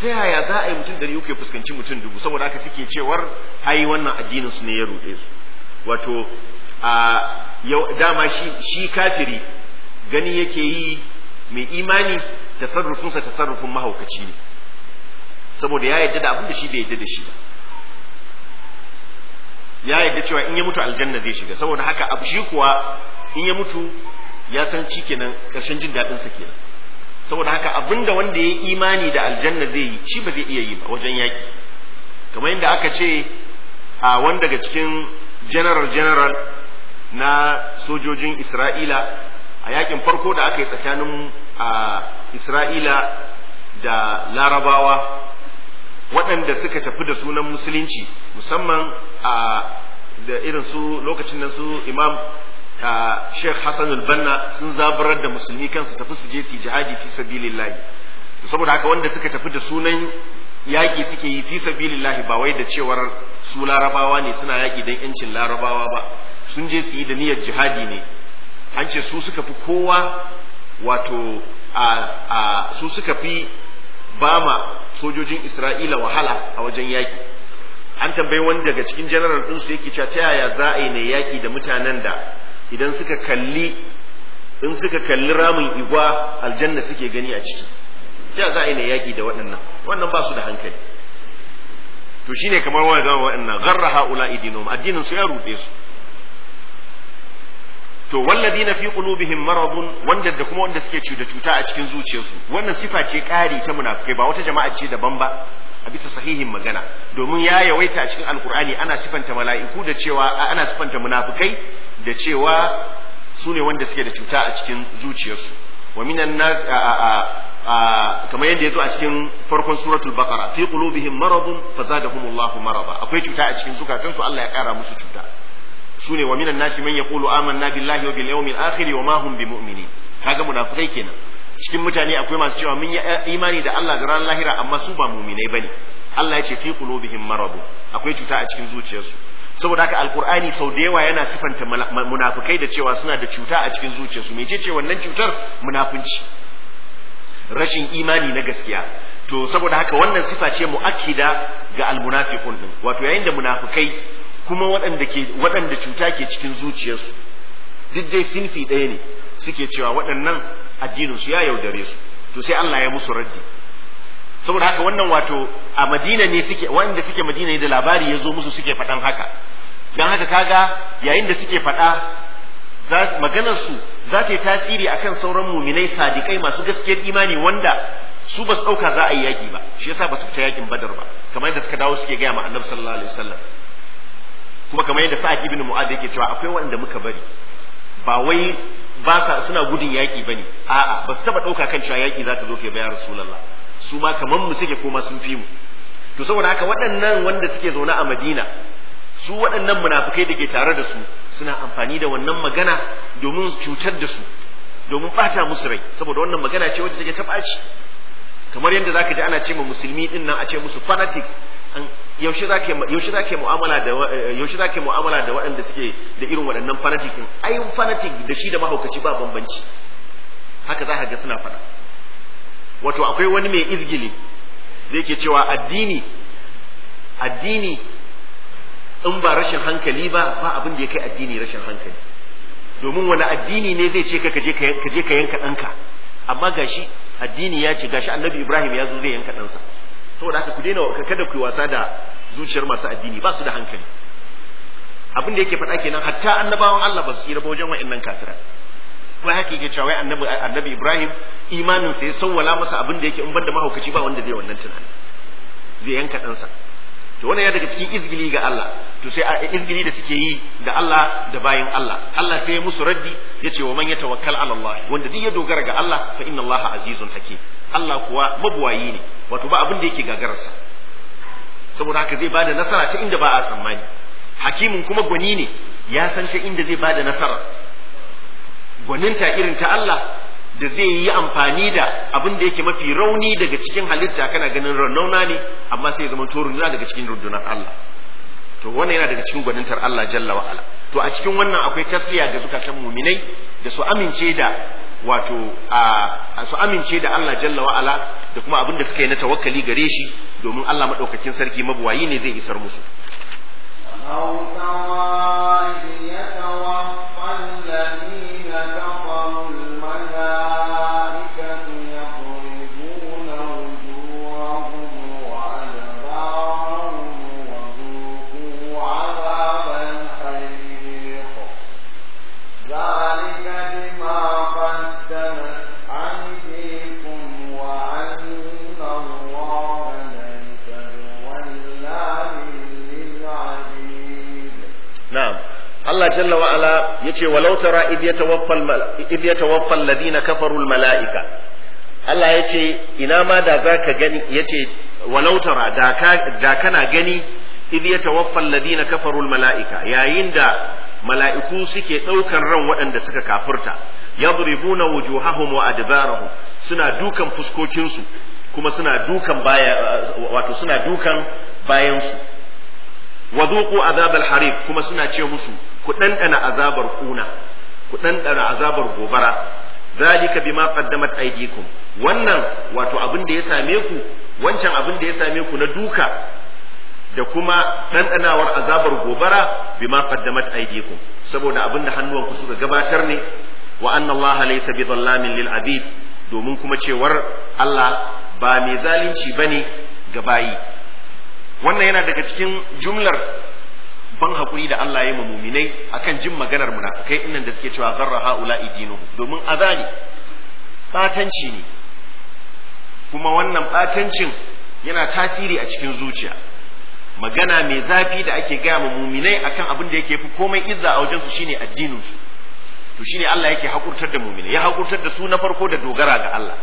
ta yaya za a yi mutum ɗari uku ya fuskanci mutum dubu saboda haka suke cewar ai wannan addinin su ne ya ruɗe su wato a yau dama shi shi kafiri gani yake yi mai imani tasarrufinsa tasarrufin mahaukaci ne saboda ya yadda da abin da shi bai yadda da shi ba ya yarda cewa in ya mutu aljanna zai shiga saboda haka abu shi kuwa in ya mutu ya san ci kenan karshen jin daɗin sa kenan saboda haka abinda wanda ya yi imani da aljanna zai yi shi ba zai iya yi ba wajen yaki kamar yadda aka ce a wanda daga cikin general general na sojojin Isra'ila a yakin farko da aka yi tsakanin a Isra'ila da Larabawa waɗanda suka tafi da sunan musulunci musamman a da irin su lokacin nan su imam sheikh hassan al-banna sun zaburar da musulmi kansu tafi su je su jihadi fi sabilillahi saboda haka wanda suka tafi da sunan yaƙi suke yi fi sabilillahi ba wai da cewar su larabawa ne suna yaƙi don yancin larabawa ba sun je su yi da niyyar jihadi ne an ce su suka fi kowa wato a su suka fi Bama sojojin Isra'ila wahala a wajen yaki an tambayi wani daga cikin general din su yake cewa ta yaya za a yi ne yaki da mutanen da idan suka kalli in suka kalli ramin igwa aljanna suke gani a ciki ta za a yi ne yaki da waɗannan wannan ba su da hankali to shine kamar wani zama waɗannan gharra ha'ula'i idinoma. addinin su ya rufe su to na fi qulubihim maradun wanda da kuma wanda suke cuta cuta a cikin zuciyarsu wannan sifa ce kari ta munafikai ba wata jama'a ce daban ba a bisa sahihin magana domin ya yawaita a cikin alkur'ani ana sifanta mala'iku da cewa ana sifanta munafikai da cewa su ne wanda suke da cuta a cikin zuciyarsu wa minan nas kamar yadda ya zo a cikin farkon suratul baqara fi qulubihim maradun fazadahumullahu marada akwai cuta a cikin zukatansu Allah ya kara musu cuta sune wa minan nasi man yaqulu amanna billahi wa bil yawmil akhir wa ma hum bimu'minin kaga munafikai kenan cikin mutane akwai masu cewa mun yi eh, imani da Allah da ran lahira amma su ba mu'minai bane Allah ya ce fi qulubihim maradu akwai cuta a cikin zuciyarsu saboda haka alqur'ani sau da yawa yana sifanta munafikai da cewa suna da cuta a cikin zuciyarsu Me ce wannan cutar munafunci rashin imani na gaskiya to saboda haka wannan sifa ce mu'akkida ga almunafiqun din wato yayin da munafikai kuma waɗanda ke waɗanda cuta ke cikin zuciyarsu duk dai sinfi ɗaya ne suke cewa waɗannan addinin su ya yaudare su to sai Allah ya musu raddi saboda haka wannan wato a Madina ne suke waɗanda suke Madina ne da labari ya zo musu suke faɗan haka dan haka kaga yayin da suke faɗa maganar su za ta yi tasiri akan sauran muminai sadikai masu gaskiyar imani wanda su ba su ɗauka za a yi yaki ba shi yasa ba su fita yakin badar ba kamar yadda suka dawo suke gaya ma sallallahu alaihi wasallam kuma kamar yadda sa'ad ibn mu'adh yake cewa akwai wanda muka bari ba wai ba sa suna gudun yaki bane a'a ba su taba dauka kan cewa yaki zaka zo kai ba ya rasulullah su ma kamar mu suke koma sun fi mu to saboda haka waɗannan wanda suke zaune a Madina su waɗannan munafikai da ke tare da su suna amfani da wannan magana domin cutar da su domin bata musu rai saboda wannan magana ce wacce take ta kamar yadda zaka ji ana ce ma musulmi din nan a ce musu fanatics yaushe za ka yaushe za ka mu'amala da eh, yaushe za ka mu'amala da waɗanda suke da irin waɗannan fanatics din ai fanatic da shi da mahaukaci ba bambanci haka za ka ga suna faɗa wato akwai wani mai izgili da yake cewa addini addini in ba rashin hankali ba ba abin da ya kai addini rashin hankali domin wani addini ne zai ce ka kaje ka yanka ɗanka amma gashi addini ya ce gashi annabi ibrahim ya zo zai yanka ɗansa saboda haka ku daina kada ku yi wasa da zuciyar masu addini ba su da hankali abin da yake faɗa kenan hatta annabawan Allah ba su tsira ba wajen wa'annan kafira wai haka yake cewa annabi annabi Ibrahim imanin sa ya sawwala masa abin da yake in banda mahaukaci ba wanda zai wannan tunani zai yanka ɗansa to wannan ya daga cikin izgili ga Allah to sai a izgili da suke yi da Allah da bayin Allah Allah sai ya musu raddi ya ce wa man yatawakkal ala Allah wanda duk ya dogara ga Allah fa inna Allah azizun hakim Allah kuwa mabuwayi ne wato ba abin da yake gagararsa saboda haka zai bada nasara ta inda ba a tsammani hakimin kuma gwani ne ya san ta inda zai bada nasara gwaninta irin ta Allah da zai yi amfani da abin da yake mafi rauni daga cikin halitta kana ganin raunauna ne amma sai zama to runduna daga cikin rundunar Allah to wannan yana daga cikin gwanintar Allah jalla wa ala to a cikin wannan akwai tasliya ga zukatan muminai da su amince da wato a su amince da Allah jalla wa ala da kuma abin da suka yi na tawakkali gare shi domin Allah madaukakin sarki mabuwayi ne zai isar musu يتوفى الذين كفروا الملائكة يقولون Allah jalla wa yace walau tara idh yatawaffa alladhina kafaru Allah yace ina ma da zaka gani yace walau da ka da kana gani idh yatawaffa alladhina kafaru almalaika yayin da mala'iku suke ɗaukan ran waɗanda suka kafurta yadribuna wujuhahum wa adbarahum suna dukan fuskokinsu kuma suna dukan wato suna dukan bayansu wa zuqu azab kuma suna ce musu ku ɗanɗana azabar kuna ku ɗanɗana azabar gobara zalika bima qaddamat aydikum wannan wato abin da ya same ku wancan abin da ya same ku na duka da kuma ɗanɗanawar azabar gobara bima qaddamat aydikum saboda abin da hannuwanku suka gabatar ne wa annallaha allaha laysa bi lil abid domin kuma cewar Allah ba mai zalunci bane ga bayi wannan yana daga cikin jumlar ban hakuri da Allah ya yi muminai akan jin maganar munafikai inan da suke cewa zarra haula idinuhu domin azali batanci ne kuma wannan batancin yana tasiri a cikin zuciya magana mai zafi da ake gaya ma muminai akan abin da yake fi komai izza a wajensu shine addinin su to shine Allah yake hakurtar da muminai ya hakurtar da su na farko da dogara ga Allah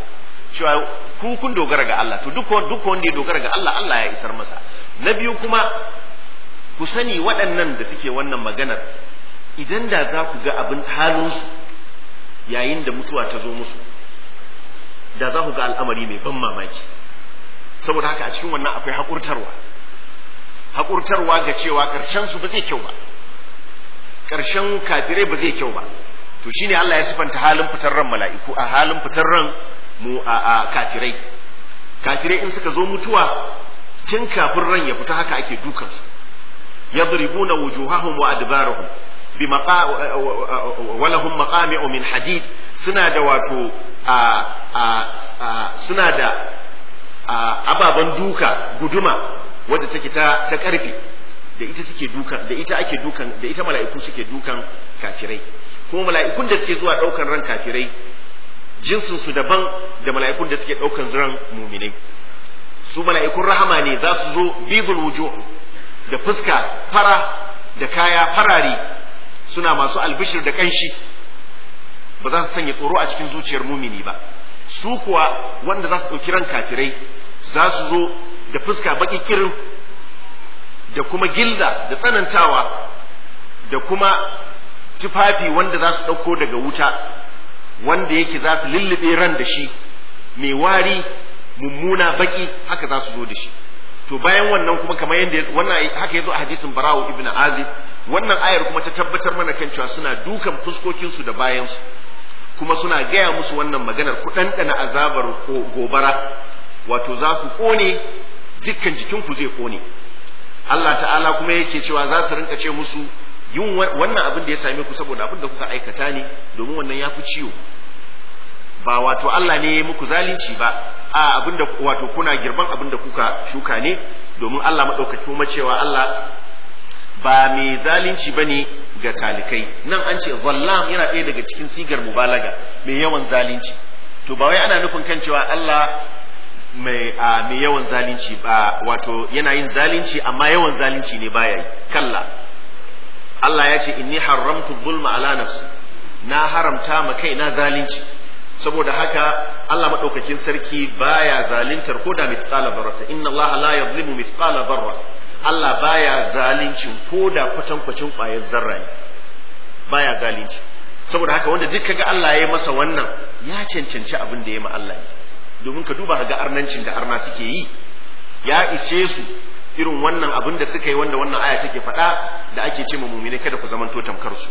cewa ku kun dogara ga Allah to duk duk wanda ya dogara ga Allah Allah ya isar masa na biyu kuma ku sani waɗannan da suke wannan maganar idan da za ku ga abin halinsu yayin da mutuwa ta zo musu da za ku ga al'amari mai ban mamaki saboda haka a cikin wannan akwai haƙurtarwa haƙurtarwa ga cewa ƙarshen su ba zai kyau ba ƙarshen kafirai ba zai kyau ba to shine Allah ya sifanta halin fitar ran mala'iku a halin fitar ran mu a kafirai kafirai in suka zo mutuwa tun kafin ran ya fita haka ake dukansu yadribuna wujuhahum wa adbarahum walahum maqami'u min hadid suna da wato suna da ababan duka guduma wadda take ta karfi da ita suke dukan da ita ake dukan da ita mala'iku suke dukan kafirai kuma mala'ikun da suke zuwa daukan ran kafirai jinsin su daban da mala'ikun da suke daukan ran muminai su mala'ikun rahama ne za su zo bidul wujuh da fuska fara da kaya farare suna masu albishir da kanshi ba za su sanya tsoro a cikin zuciyar mumini ba su kuwa wanda za su ɗauki ran kafirai za su zo da fuska baki kirin da kuma gilda da tsanantawa da kuma tufafi wanda za su ɗauko daga wuta wanda yake za su lullube ran da shi mai wari mummuna baki haka za su zo da shi to bayan wannan kuma kamar yadda wannan haka yazo a hadisin Bara'u ibn Azib wannan ayar kuma ta tabbatar mana kan cewa suna dukan fuskokin su da bayan su kuma suna gaya musu wannan maganar ku azabar gobara wato za ku ƙone dukkan ku zai kone Allah ta'ala kuma yake cewa za su rinka ce musu yin wannan abin da ya same ku saboda abin da kuka aikata ne domin wannan ya fi ciwo ba wato Allah ne muku zalunci ba a abinda wato kuna girban abinda kuka shuka ne domin Allah madaukaki kuma cewa Allah ba mai zalunci bane ga talikai nan an ce zallam yana ɗaya daga cikin sigar mubalaga mai yawan zalunci to ba wai ana nufin kan cewa Allah mai mai yawan zalunci ba wato yana yin zalunci amma yawan zalunci ne baya yi kalla Allah ya ce inni haramtu zulma ala nafsi na haramta ma kaina zalunci saboda haka Allah madaukakin sarki baya zalintar ko da mithqala dharrata inna Allah la yuzlimu mithqala dharra Allah baya zalincin ko da kwatankwacin kwayar zarra ne baya zalunci saboda haka wanda duk kaga Allah ya masa wannan ya cancanci abin da ya ma Allah domin ka duba ga arnancin da arna suke yi ya ishe su irin wannan abin da suka yi wanda wannan aya take faɗa da ake ce mu mumine kada ku zamanto tamkar su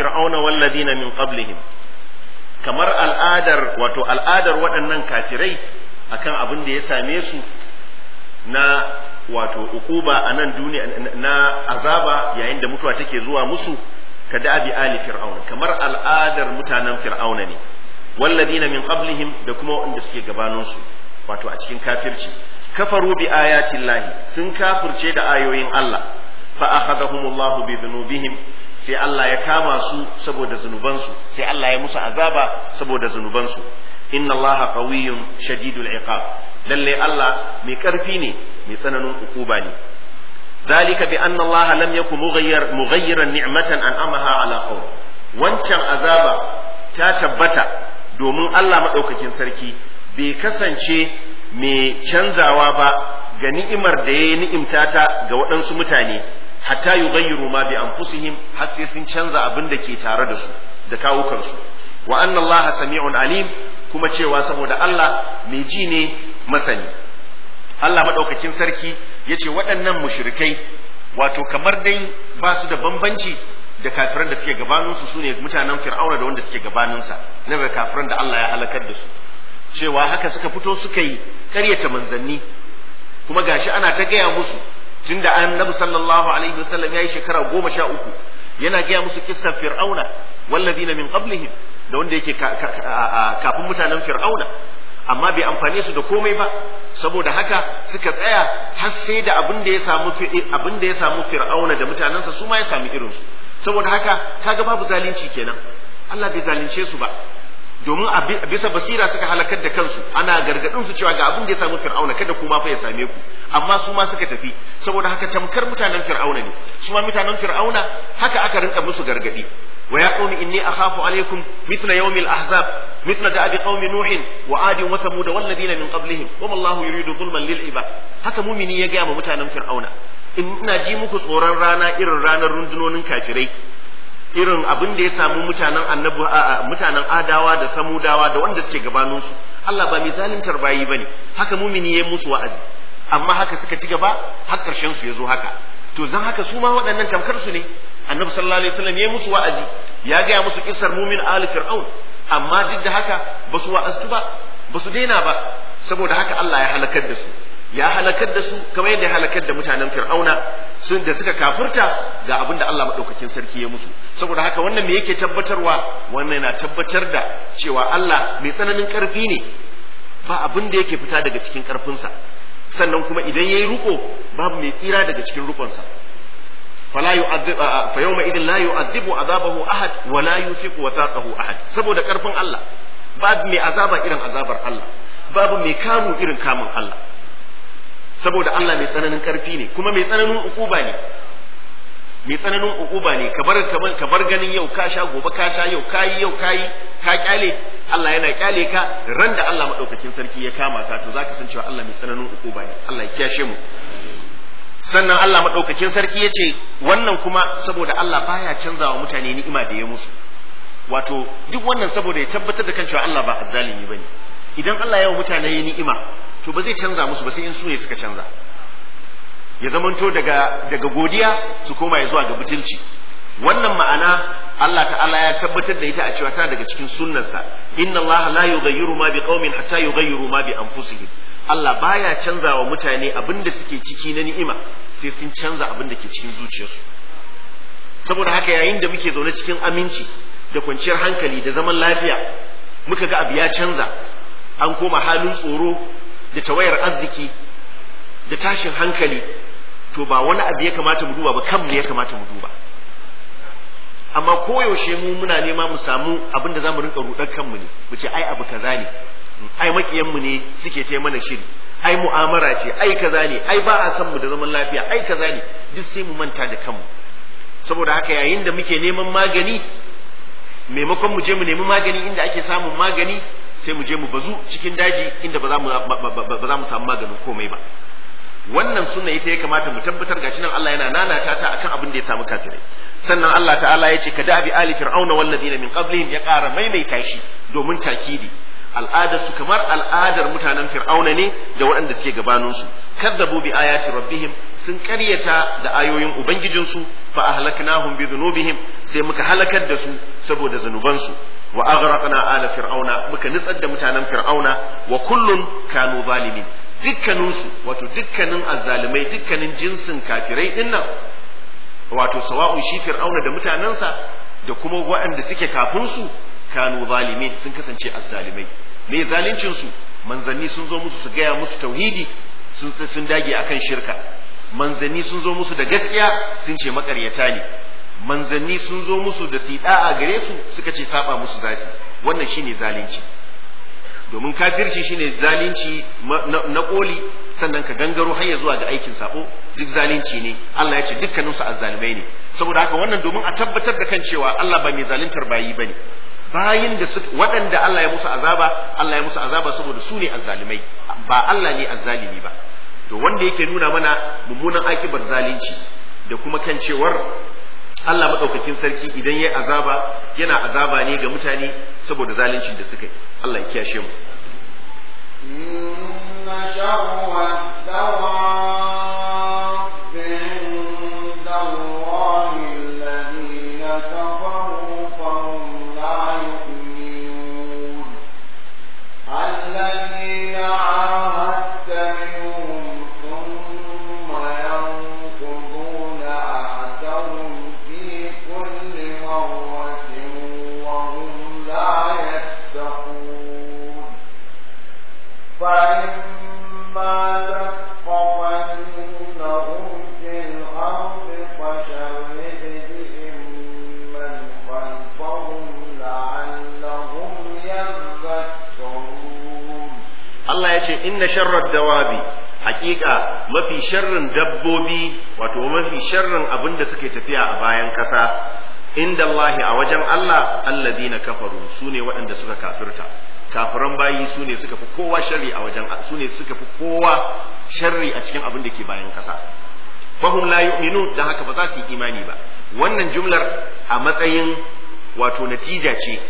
fir'auna walladina min qablihim kamar al'adar wato al'adar waɗannan kafirai akan abin da ya same su na wato ukuba a nan duniya na azaba yayin da mutuwa take zuwa musu ka abi ali fir'auna kamar al'adar mutanen fir'auna ne walladina min qablihim da kuma wanda suke gabanin su wato a cikin kafirci kafaru bi ayatin sun kafirce da ayoyin Allah fa akhadahumullahu bi dhunubihim sai Allah ya kama su saboda zunubansu sai Allah ya musu azaba saboda zunubansu inna Allah qawiyyun shadidul iqab lalle Allah mai karfi ne mai tsananin ukuba ne zalika bi annallaha Allah lam yakun mughayyir mughayyiran ni'matan an'amaha ala wancan azaba ta tabbata domin Allah madaukakin sarki bai kasance mai canzawa ba ga ni'imar da ya ni'imta ta ga waɗansu mutane hatta yughayyiru ma bi anfusihim har sai sun canza abin da ke tare da su da kawukansu wa anna Allah sami'un alim kuma cewa saboda Allah mai ji ne masani Allah madaukakin sarki yace waɗannan mushrikai wato kamar dai ba su da bambanci da kafiran da suke gabanin su sune mutanen fir'auna da wanda suke gabanin sa na ga kafiran da Allah ya halakar da su cewa haka suka fito suka yi ƙaryata manzanni kuma gashi ana ta gaya musu tunda annabi sallallahu alaihi wasallam yayi shekara goma sha uku yana gaya musu kissar fir'auna walladina min qablihim da wanda yake kafin mutanen fir'auna amma bai amfane su da komai ba saboda haka suka tsaya har sai da abin da ya samu abin da ya samu fir'auna da mutanensa su ma ya samu irinsu. saboda haka kaga babu zalunci kenan Allah bai zalunce su ba domin a bisa basira suka halakar da kansu ana gargadin su cewa ga abin da ya samu fir'auna kada kuma fa ya same ku amma su ma suka tafi saboda haka tamkar mutanen fir'auna ne su ma mutanen fir'auna haka aka rinka musu gargadi wa ya qaumi inni akhafu alaykum mithla yawmil ahzab mithla da'abi qaumi nuhin wa adin wa thamud wal ladina min qablihim wama allahu yuridu zulman lil ibad haka mumini ya ga mutanen fir'auna ina ji muku tsoron rana irin ranar rundunonin kafirai irin abin da ya samu mutanen annabu mutanen adawa da samudawa da wanda suke gabanin su Allah ba mai zalimtar ba bane haka mumini ya musu wa'azi amma haka suka ci gaba har karshen su yazo haka to zan haka su ma waɗannan tamkar su ne annabi sallallahu alaihi wasallam ya musu wa'azi ya gaya musu kisar mumin ali fir'aun amma duk da haka ba su wa'aztu ba ba su daina ba saboda haka Allah ya halakar da su ya halakar da su kamar yadda ya halakar da mutanen fir'auna sun da suka kafurta ga abin da Allah madaukakin sarki ya musu saboda haka wannan me yake tabbatarwa wannan yana tabbatar da cewa Allah mai tsananin karfi ne ba abin da yake fita daga cikin karfinsa sannan kuma idan ya yi ruko babu mai tsira daga cikin rukonsa fala yu'adhib fa yawma idin la yu'adhibu azabahu ahad wa la yusiqu wasaqahu ahad saboda karfin Allah babu mai azaba irin azabar Allah babu mai kamu irin kamun Allah saboda Allah mai tsananin karfi ne kuma mai tsananin ukuba ne mai tsananin ukuba ne kabar kabar kabar ganin yau ka sha gobe ka sha yau kayi yau kayi ka kyale Allah yana kyale ka ran da Allah madaukakin sarki ya kama ka to zaka san cewa Allah mai tsananin ukuba ne Allah ya kiyashe mu sannan Allah madaukakin sarki ya ce wannan kuma saboda Allah baya canzawa mutane ni'ima da ya musu wato duk wannan saboda ya tabbatar da kan cewa Allah ba azzalimi bane idan Allah ya wa mutane ni'ima to ba zai canza musu ba sai in su ne suka canza ya zamanto daga daga godiya su koma ya zuwa ga butulci wannan ma'ana Allah ta'ala ya tabbatar da ita a cewa ta daga cikin sunnarsa inna Allah la yughayyiru ma biqaumin hatta yughayyiru ma bi anfusihim Allah baya canza wa mutane abinda suke ciki na ni'ima sai sun canza abin da ke cikin zuciyarsu saboda haka yayin da muke zaune cikin aminci da kwanciyar hankali da zaman lafiya muka ga abu ya canza an koma halin tsoro da tawayar arziki da tashin hankali to ba wani abu ya kamata mu duba ba kanmu ya kamata mu duba amma koyaushe mu muna nema mu samu abin da za mu rinka rudar kanmu ne mu ce ai abu kaza ne ai makiyanmu ne suke ce mana shiri ai mu'amara ce ai kaza ne ai ba a san mu da zaman lafiya ai kaza ne duk sai mu manta da kanmu saboda haka yayin da muke neman magani maimakon mu je mu nemi magani inda ake samun magani sai mu je mu bazu cikin daji inda ba za mu samu maganin komai ba wannan sunna ita ya kamata mu tabbatar gashi nan Allah yana nanata ta akan abin da ya samu kafirai sannan Allah ta'ala ya ce ka da ali fir'auna wal ladina min qablihim ya ƙara maimaita shi domin takidi al'adar su kamar al'adar mutanen fir'auna ne da waɗanda suke gabanin su kazzabu bi ayati rabbihim sun karyata da ayoyin ubangijinsu fa ahlaknahum bi dhunubihim sai muka halakar da su saboda zanubansu wa aghraqna ala fir'auna muka nitsar da mutanen fir'auna wa kullun kanu zalimin dukkaninsu wato dukkanin azzalimai dukkanin jinsin kafirai dinnan wato sawa'un shi fir'auna da mutanensa da kuma waɗanda suke kafin su kanu zalimin sun kasance azzalimai me zalincin su manzanni sun zo musu su gaya musu tauhidi sun sun dage akan shirka manzanni sun zo musu da gaskiya sun ce makaryata ne manzanni sun zo musu da sita a gare su suka ce saba musu zasu wannan shine zalunci domin kafirci shine zalunci na koli sannan ka gangaro har zuwa ga aikin sako duk zalunci ne Allah ya ce dukkanin su azzalumai ne saboda haka wannan domin a tabbatar da kan cewa Allah ba mai zaluntar bayi bane bayin da waɗanda Allah ya musu azaba Allah ya musu azaba saboda su ne azzalumai ba Allah ne azzalimi ba to wanda yake nuna mana mummunan akibar zalunci da kuma kan cewar Allah madaukakin sarki idan yayi azaba yana azaba ne ga mutane saboda zaluncin da suka yi Allah ya kiyashe mu فإما ya ce inna فشرد بهم hakika mafi sharrin dabbobi wato mafi sharrin abin da suke tafiya a bayan ƙasa inda Allah a wajen Allah alladina kafaru su ne waɗanda suka kafirta kafiran bayi su ne suka fi kowa sharri a wajen su ne suka fi kowa sharri a cikin abin da ke bayan kasa. fahum la yu'minu da haka ba za su yi imani ba wannan jumlar a matsayin wato natija ce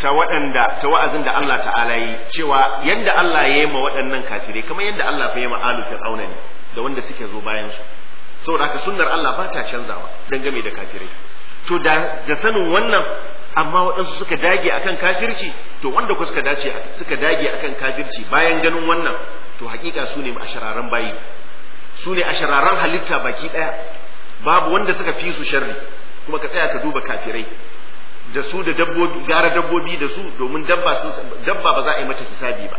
ta waɗanda ta wa'azin da Allah ta'ala yi cewa yanda Allah ya yi ma waɗannan kafirai kamar yanda Allah ya yi ma alu fir'auna ne da wanda suke zo bayan su saboda haka sunnar Allah ba ta canzawa dangane da kafirai to da sanin wannan amma waɗansu suka dage akan kafirci to wanda ku suka dace suka dage akan kafirci bayan ganin wannan to hakika su ne ashararan bayi su ne ashararan halitta baki ɗaya babu wanda suka fi su sharri kuma ka tsaya ka duba kafirai da su da dabbobi gara dabbobi da su domin dabba sun dabba ba za a yi mata hisabi ba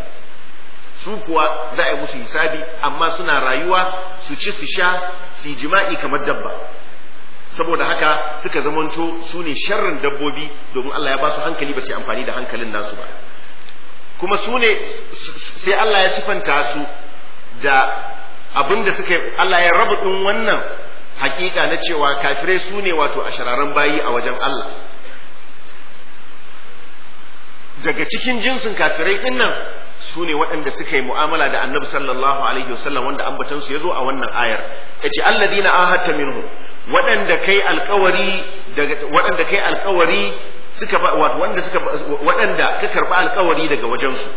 su kuwa za a yi musu hisabi amma suna rayuwa su ci su sha su yi jima'i kamar dabba saboda haka suka zamanto su ne sharrin dabbobi domin Allah ya ba su hankali ba su amfani da hankalin nasu ba kuma su ne sai Allah ya sifanta su da abin da suka Allah ya rabu din wannan hakika na cewa kafirai su ne wato a shararan bayi a wajen Allah daga cikin jinsin kafirai din nan su ne waɗanda suka yi mu'amala da annabi sallallahu alaihi wasallam wanda ambatansu ya zo a wannan ayar ya ce alladina ahadta minhu waɗanda kai alkawari waɗanda kai alƙawari suka ba waɗanda suka waɗanda ka karɓi alkawari daga wajensu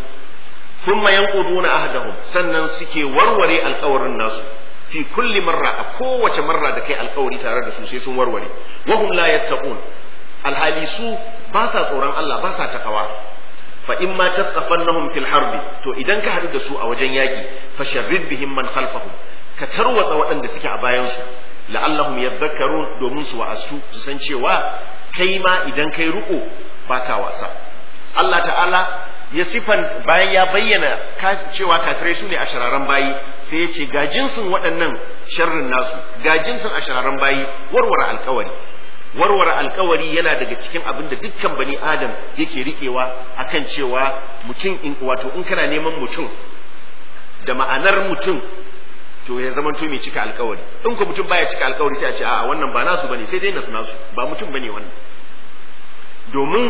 thumma yanquduna ahdahum sannan suke warware alkawarin nasu fi kulli marra a kowace marra da kai alkawari tare da su sai sun warware wahum la yattaqun alhali su ba sa tsoron Allah ba sa takawa fa in ma tasqafannahum fil harbi to idan ka haɗu da su a wajen yaƙi fa sharrid bihim man khalfahum ka tarwatsa waɗanda suke a bayan su la'allahum yadhakkarun domin su wa'asu su san cewa kai ma idan kai ruko baka wasa Allah ta'ala ya sifan bayan ya bayyana cewa kafirai su ne a shararan bayi sai ya ce waɗannan sharrin nasu ga a shararan bayi warware alkawari warware alkawari yana daga cikin abin da dukkan bani adam yake rikewa akan cewa mutum in wato in kana neman mutum da ma'anar mutum to ya zama to mai cika alkawari in ko mutum baya cika alkawari sai a ce a wannan ba nasu bane sai dai nasu nasu ba mutum bane wannan domin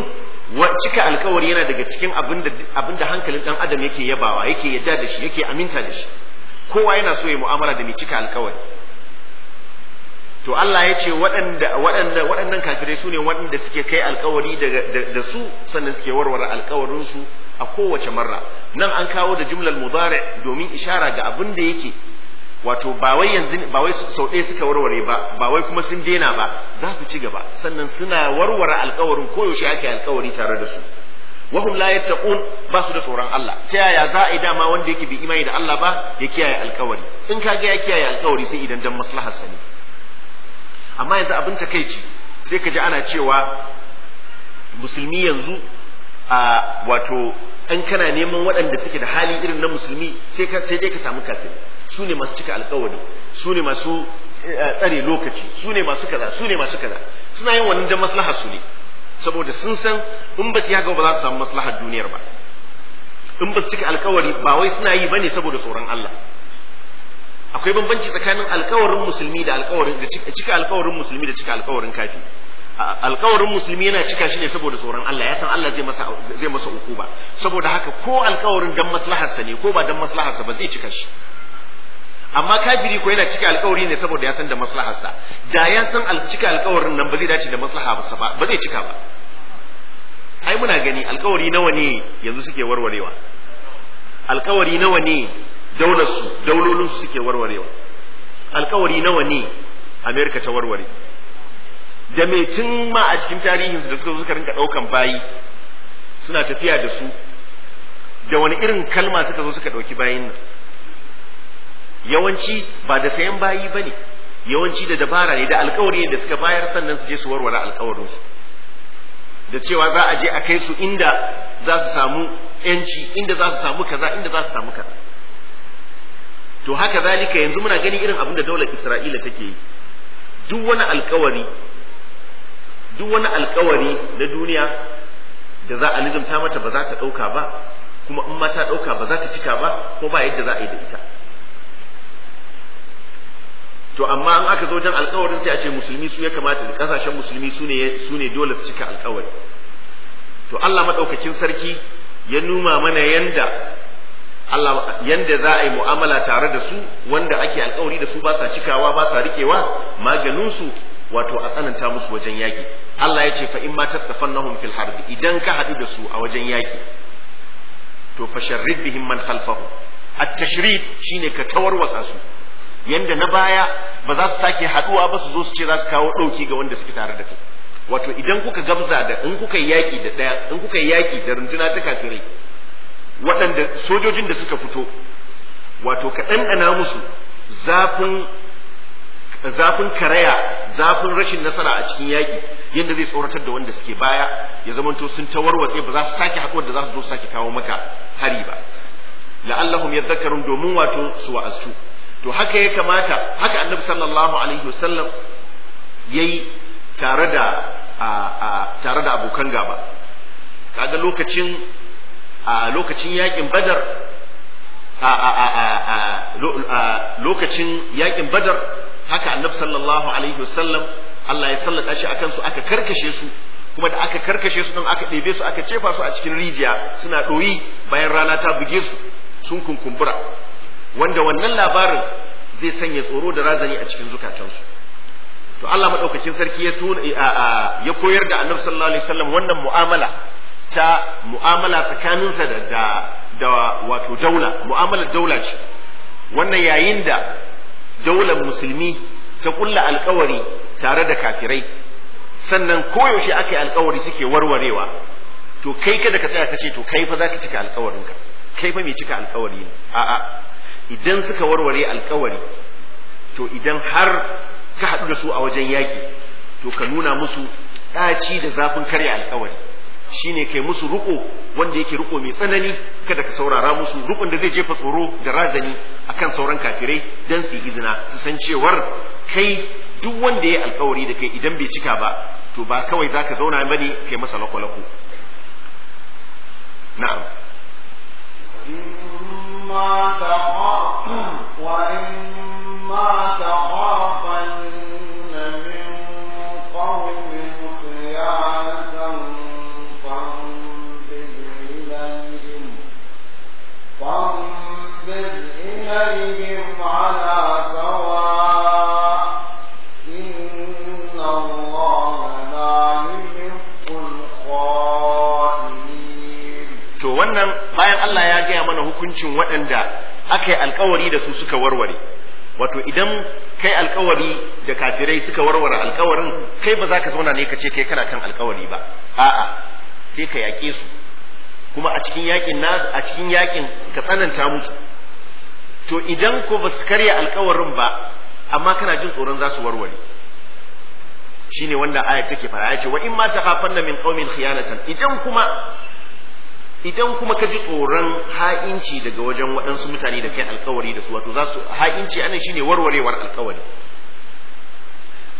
cika alkawari yana daga cikin abin da hankalin dan adam yake yabawa yake yadda da shi yake aminta da shi kowa yana so ya mu'amala da mai cika alkawari to Allah ya ce waɗannan kafirai su ne waɗanda suke kai alkawari da su sannan suke warware alkawarinsu a kowace marra nan an kawo da jumlar mudari domin ishara ga abin da yake wato ba yanzu ba sau ɗaya suka warware ba ba kuma sun daina ba za su ci gaba sannan suna warware alkawarin koyaushe ake alkawari tare da su wahum la yattaqun ba su da tsoron Allah ta yaya za a yi dama wanda yake bi imani da Allah ba ya kiyaye alkawari in kaga ya kiyaye alkawari sai idan dan maslahar sa ne amma yanzu abin takeici sai ka ji ana cewa musulmi yanzu a wato an kana neman waɗanda suke da hali irin na musulmi sai dai ka samu kafin su ne masu cika alkawari su ne masu eh, tsare lokaci su ne masu kaza su ne masu kaza suna yin wannan dan maslahar su ne saboda sun san in ba su yaga ba za su samu maslahar duniyar ba in ba su cika alkawari ba wai suna yi ba ne saboda tsoron Allah akwai bambanci tsakanin alkawarin musulmi da alkawarin da cika alkawarin musulmi da cika alkawarin kafi alkawarin musulmi yana cika shi ne saboda tsoron Allah ya san Allah zai masa zai masa ukuba saboda haka ko alkawarin dan maslaharsa ne ko ba dan maslaharsa ba zai cika shi amma kafiri ko yana cika alkawari ne saboda ya san da maslaharsa da ya san cika alkawarin nan ba zai dace da maslaha ba ba zai cika ba ai muna gani alkawari nawa ne yanzu suke warwarewa alkawari nawa ne daularsu daulolinsu suke warwarewa alkawari nawa ne amerika ta warware da mai tun ma a cikin tarihinsu da suka zo suka rinka ɗaukan bayi suna tafiya da su da wani irin kalma suka zo suka ɗauki bayin nan yawanci ba da sayan bayi ba ne yawanci da dabara ne da alkawari ne da suka bayar sannan su je su warware alkawarinsu da cewa za a je a kai su inda za su samu yanci inda za su samu kaza inda za su samu kaza to haka zalika yanzu muna gani irin abin da daular Isra'ila take yi duk wani alkawari duk wani alkawari na duniya da za a nizumta mata ba za ta ɗauka ba kuma in ma ta ɗauka ba za ta cika ba ko ba yadda za a yi da ita to amma in aka zo don alkawarin sai a ce musulmi su ya kamata da kasashen musulmi su ne su ne dole su cika alkawari to Allah madaukakin sarki ya numa mana yanda Allah yanda za a yi mu'amala tare da su wanda ake alkawari da su ba sa cikawa ba sa rikewa maganin wato a tsananta musu wajen yaki Allah ya ce fa in ma tattafannahum fil harb idan ka haɗu da su a wajen yaki to fa sharrid bihim man khalfahu at-tashrid shine ka tawarwasa su yanda na baya ba za su sake haduwa ba su zo su ce za su kawo dauki ga wanda suke tare da kai wato idan kuka gabza da in kuka yaki da daya in kuka yaki da runduna ta kafirai waɗanda sojojin da suka fito wato ka ɗanɗana musu zafin zafin karaya zafin rashin nasara a cikin yaƙi yadda zai tsoratar da wanda suke baya ya zamanto sun tawarwatse ba za su sake haɗuwar da za su zo sake kawo maka hari ba la'allahum yadhakkarun domin wato su wa'azu to haka ya kamata haka annabi sallallahu alaihi wasallam yayi tare da tare da abokan gaba kaga lokacin a lokacin yakin badar a lokacin yakin badar haka annabi sallallahu alaihi wasallam Allah ya sallata shi akan su aka karkashe su kuma da aka karkashe su nan aka ɗebe su aka cefa su a cikin rijiya suna ɗoyi bayan rana ta buge su sun kunkumbura wanda wannan labarin zai sanya tsoro da razani a cikin zukatansu to Allah madaukakin sarki ya ya koyar da annabi sallallahu alaihi wasallam wannan mu'amala ta mu'amala tsakaninsa da da, da wato daula mu'amalar daula ce wannan yayin da daular musulmi ta kulla alkawari tare da kafirai sannan koyaushe aka yi alkawari suke warwarewa to kai kada ka tsaya ka ce to kai fa za ka cika alkawarinka kai fa mai cika alkawari ne a'a idan suka warware alkawari to idan har ka haɗu da su a wajen yaƙi to ka nuna musu ɗaci da zafin karya alkawari shine kai musu ruko wanda yake ruko mai tsanani kada ka saurara musu rukun da zai jefa tsoro da razani akan sauran kafirai dan su izina su san cewar kai duk wanda ya alkawari da kai idan bai cika ba to ba kawai zaka zauna bane kai masa lakwalako na'am wa in ma to wannan bayan Allah ya gaya mana hukuncin waɗanda aka yi alkawari da su suka warware wato idan kai alkawari da kafirai suka warware alkawarin kai ba za ka zauna ne ka ce kai kana kan alkawari ba a'a sai ka yaƙe su kuma a cikin yakin nas a cikin yakin ka tsananta musu to idan ko ba su karya alkawarin ba amma kana jin tsoron za su warware shine wanda ayat take fara ya ce wa in ma takhafanna min qaumin khiyanatan idan kuma idan kuma ka ji tsoron ha'inci daga wajen waɗansu mutane da kai alkawari da su wato za su ha'inci anan shine warwarewar alkawari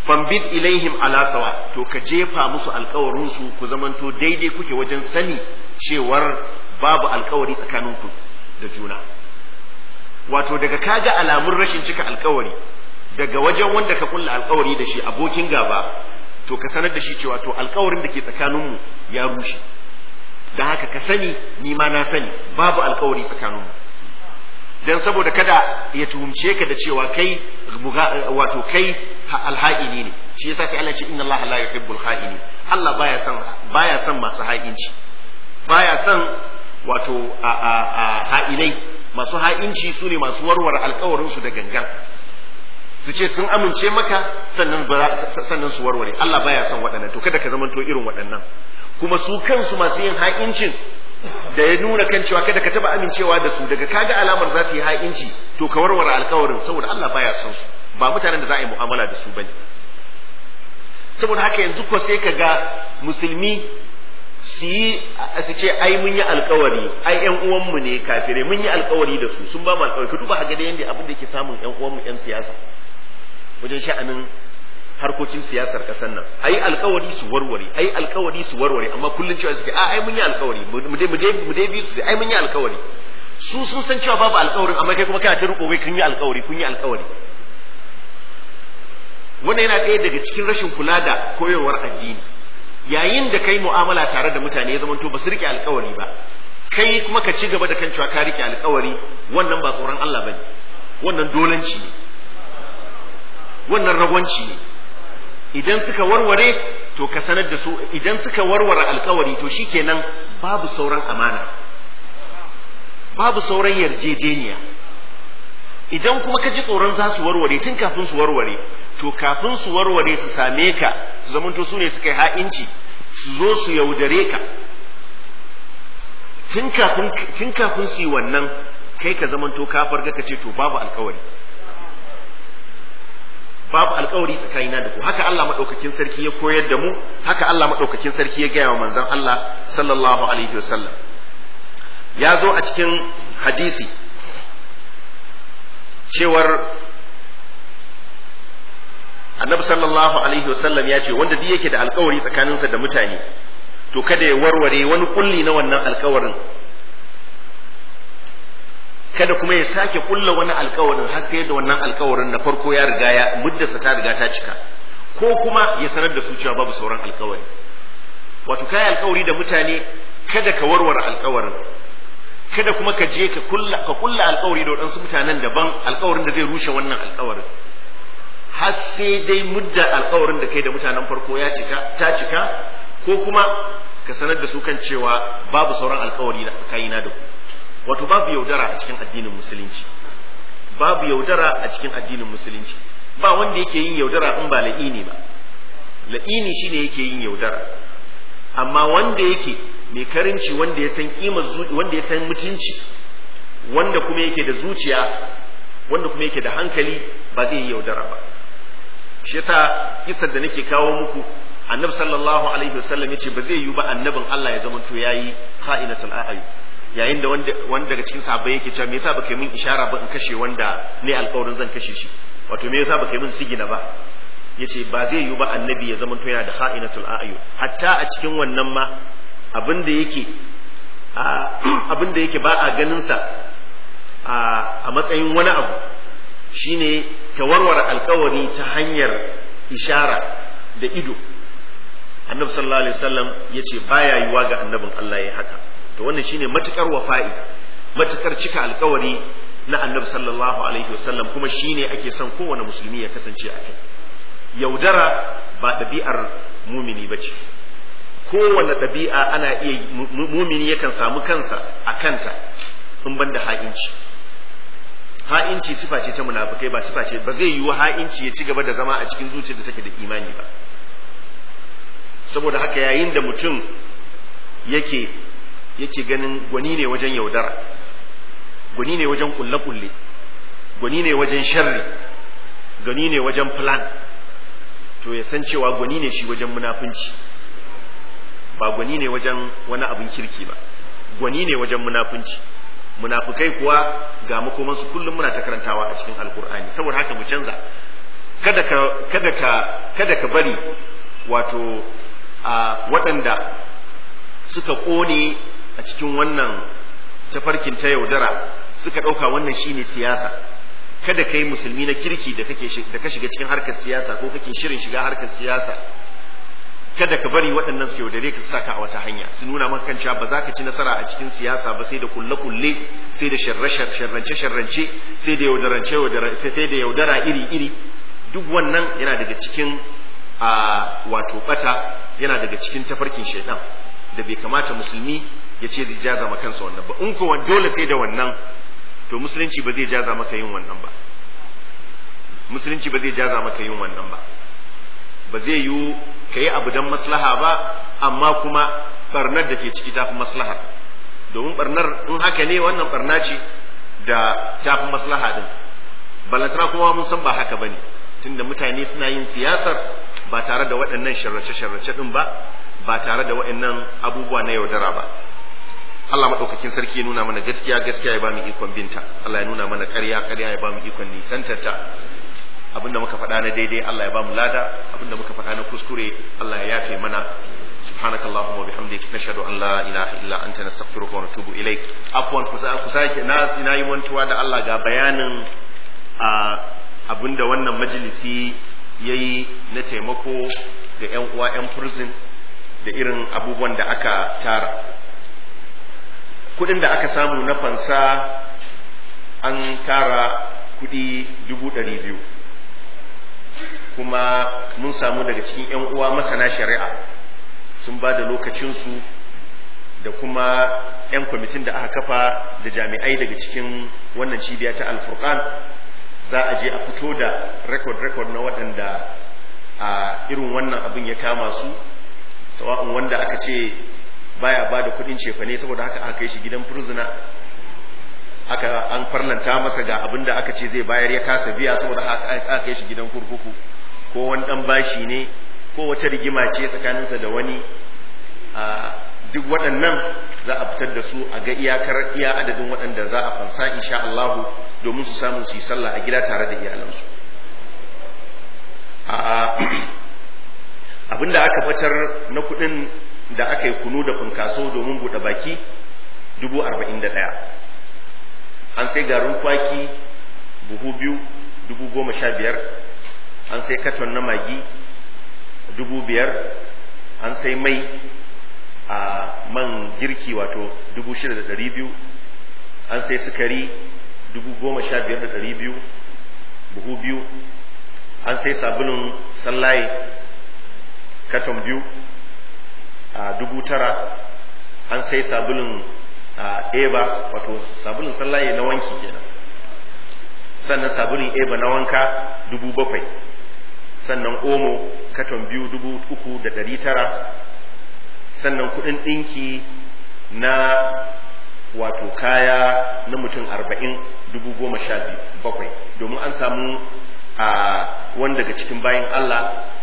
fambid ilaihim ala sawa to ka jefa musu alkawarinsu su ku zamanto daidai kuke wajen sani cewar babu alkawari tsakaninku da juna wato daga kaga alamun rashin cika alkawari daga wajen wanda ka kulla alkawari da shi abokin gaba to ka sanar da shi cewa to alkawarin da ke tsakaninmu ya rushe da haka ka sani ni ma na sani babu alkawari tsakaninmu dan saboda kada ya tuhumce ka da cewa kai wato kai alha'ini ne shi yasa sai Allah ya ce inna Allah la yuhibbul kha'ini Allah baya son baya son masu ha'inci baya son wato ha'inai masu ha'inci su ne masu warware alkawarin su da gangan su ce sun amince maka sannan sannan su warware Allah baya son waɗannan to kada ka zamanto irin waɗannan kuma su kansu masu yin ha'incin da ya nuna kan cewa kada ka taba amincewa da su daga kaga alamar za su yi ha'inci to ka warware alkawarin saboda Allah baya son su ba mutanen da za a yi mu'amala da su bane saboda haka yanzu ko sai ka ga musulmi su yi su ce ai mun yi alkawari ai ƴan uwanmu ne kafire mun yi alkawari da su sun ba mu alkawari ka duba ga da yanda abin da yake samun ƴan uwanmu ƴan siyasa wajen sha'anin harkokin siyasar kasar nan ayi alkawari su warware ayi alkawari su warware amma kullun cewa suke a ai mun yi alkawari mu dai mu dai biyu su ai mun yi alkawari su sun san cewa babu alkawarin amma kai kuma kana ta riko wai kun yi alkawari kun yi alkawari wannan yana ɗaya daga cikin rashin kula da koyarwar addini yayin da kai mu'amala tare da mutane ya zamanto ba su rike alkawari ba kai kuma ka ci gaba da kan cewa ka rike alkawari wannan ba tsoron Allah bane wannan dolanci ne wannan ragwanci ne idan suka warware to ka sanar da su idan suka warware alkawari to shikenan babu sauran amana babu sauran yarjejeniya idan kuma ka ji tsoron za su warware tun kafin su warware to kafin su warware su same ka su zamanto su ne suka yi ha'inci su zo su yaudare ka tun kafin su yi wannan kai ka zamanto ka farga ka ce to babu alkawari babu alkawari tsakanina da ku haka Allah madaukakin sarki ya koyar da mu haka Allah madaukakin sarki ya gaya wa manzon Allah sallallahu alaihi wasallam ya zo a cikin hadisi cewar annabi sallallahu alaihi wasallam ya ce wanda duk yake da alkawari tsakaninsa da mutane to kada ya warware wani kulli na wannan alkawarin kada kuma ya sake kulla wani alkawarin har sai da wannan alkawarin na farko ya riga ya muddarsa ta riga ta cika ko kuma ya sanar da su cewa babu sauran alkawari wato kai alkawari da mutane kada ka warware alkawarin kada kuma ka je ka kulla ka kulla alkawari da waɗansu mutanen daban alkawarin da zai rushe wannan alkawarin har sai dai mudda alkawarin da kai da mutanen farko ya cika ta cika ko kuma ka sanar da su kan cewa babu sauran alkawari na tsakanina da ku wato babu yaudara a cikin addinin musulunci babu yaudara a cikin addinin musulunci ba wanda yake yin yaudara in ba la'ini ba la'ini shine yake yin yaudara amma wanda yake mai karinci wanda ya san kimar wanda ya san mutunci wanda kuma yake da zuciya wanda kuma yake da hankali ba zai yi yaudara ba shi yasa kisar da nake kawo muku annabi sallallahu alaihi wasallam yace ba zai yi ba annabin Allah ya zama zamanto yayi kha'inatul a'yun yayin da wanda daga cikin sahabbai yake cewa me yasa baka yi min ishara ba in kashe wanda ne alƙawarin zan kashe shi wato me yasa baka yi min sigina ba yace ba zai yiwu ba annabi ya zama yana da kha'inatul a'yun hatta a cikin wannan ma abin da yake [clears throat] abin yake ba a ganin sa a matsayin wani abu shine ta warware alƙawari ta hanyar ishara da ido annabi sallallahu alaihi wasallam yace baya yiwa ga annabin Allah ya haka to wannan shine matukar wafa'i matukar cika alkawari na annabi sallallahu alaihi wasallam kuma shine ake son kowane musulmi ya kasance a kai yaudara ba ɗabi'ar mumini ba ce kowane ɗabi'a ana iya mumini yakan samu kansa a kanta in ban da ha'inci ha'inci sifa ce ta munafukai ba sifa ce ba zai yiwu ha'inci ya ci gaba da zama a cikin zuciyar da take da imani ba saboda haka yayin da mutum yake yake ganin gwani ne wajen yaudara gwani ne wajen kulle-kulle gwani ne wajen sharri gwani ne wajen plan to ya san cewa gwani ne shi wajen munafunci ba gwani ne wajen wani abin kirki ba gwani ne wajen munafunci munafukai kuwa ga makomansu kullum muna ta karantawa a cikin alkur'ani saboda haka mu canza kada ka kada ka kada ka bari wato a waɗanda suka ƙone a cikin wannan tafarkin ta yaudara suka ɗauka wannan shine siyasa kada kai musulmi na kirki da ka shiga cikin harkar siyasa ko kake shirin shiga harkar siyasa kada ka bari waɗannan su yaudare ka saka a wata hanya su nuna maka cewa ba za ka ci nasara a cikin siyasa ba sai da kulle kulle sai da sharrance sharrance sai da yaudarance sai da yaudara iri iri duk wannan yana daga cikin a wato bata yana daga cikin tafarkin shaidan da bai kamata musulmi ya ce zai jaza ma kansa wannan ba in dole sai da wannan to musulunci ba zai jaza maka yin wannan ba musulunci ba zai jaza maka yin wannan ba ba zai yiwu ka yi abu don maslaha ba amma kuma barnar da ke ciki tafi maslaha domin barnar in haka ne wannan barna ce da tafi maslaha din balantana kuma mun san ba haka bane tunda mutane suna yin siyasar ba tare da waɗannan sharrace-sharrace din ba ba tare da waɗannan abubuwa na yaudara ba Allah madaukakin sarki ya nuna mana gaskiya gaskiya ya bamu ikon binta Allah ya nuna mana ƙarya ƙarya ya bamu ikon nisantarta abinda muka faɗa na daidai Allah ya bamu lada abinda muka faɗa na kuskure Allah ya yafe mana سبحانك اللهم وبحمدك نشهد ان لا اله الا انت نستغفرك ونتوب اليك عفوا كساك ناس ناي wantuwa da Allah ga bayanin abinda wannan majalisi yayi na taimako ga yan uwa yan furzin da irin abubuwan da aka tara kudin da aka samu na fansa an tara kudi dubu ɗari biyu kuma mun samu daga cikin 'yan uwa masana shari'a sun ba da lokacinsu da kuma 'yan kwamitin da aka kafa da jami'ai daga cikin wannan cibiya ta alfurkan za a je a fito da rekod-rekod na waɗanda a irin wannan abin ya kama su sawa'un wanda aka ce baya ba da kuɗin cefane saboda haka aka kai shi gidan furzuna aka an farlanta masa ga abin da aka ce zai bayar ya kasa biya saboda haka aka kai shi gidan kurkuku ko wani ɗan bashi ne ko wata rigima ce tsakaninsa da wani a duk waɗannan za a fitar da su a ga iyakar iya adadin waɗanda za a fansa insha Allah domin su samu su yi sallah a gida tare da iyalansu [clears throat] abin da aka fitar na kuɗin da aka yi kunu da funkaso domin buɗe baki dubu arba'in da ɗaya an sai garin kwaki buhu biyu dubu goma sha biyar an sai katon na magi dubu biyar an sai mai a man girki wato dubu shida da ɗari biyu an sai sukari dubu goma sha biyar da ɗari biyu buhu biyu an sai sabulun sallaye katon biyu dubu tara an sai sabulun eba wato sabulun sallaye na wanki kenan sannan sabulun eba na wanka dubu bakwai sannan omo katon biyu dubu uku da dari tara sannan kudin ɗinki na wato kaya na mutum arba'in dubu goma sha bakwai domin an samu a wanda daga cikin bayan Allah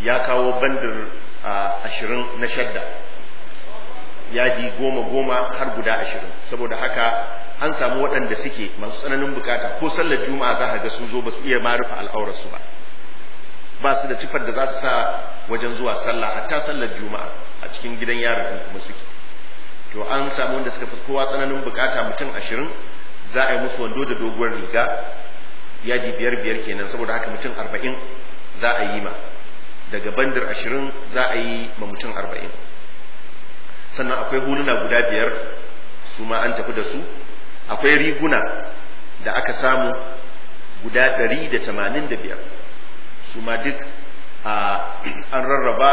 ya kawo bandar ashirin na shadda yadi goma goma har guda ashirin saboda haka an samu waɗanda suke masu tsananin bukata ko sallar juma'a za a ga su zo ba su iya marufa al'aurarsu ba ba su da tufar da za su sa wajen zuwa sallah hatta sallar juma'a a cikin gidan yaran kuma suke to an samu wanda suka fi kowa tsananin bukata mutum ashirin za a yi musu wando da doguwar riga yadi biyar biyar kenan saboda haka mutum arba'in za a yi ma daga bandar ashirin za a yi ma mutum arba'in sannan akwai huluna guda biyar su ma an tafi da su akwai riguna da aka samu guda ɗari da tamanin da biyar su ma duk an rarraba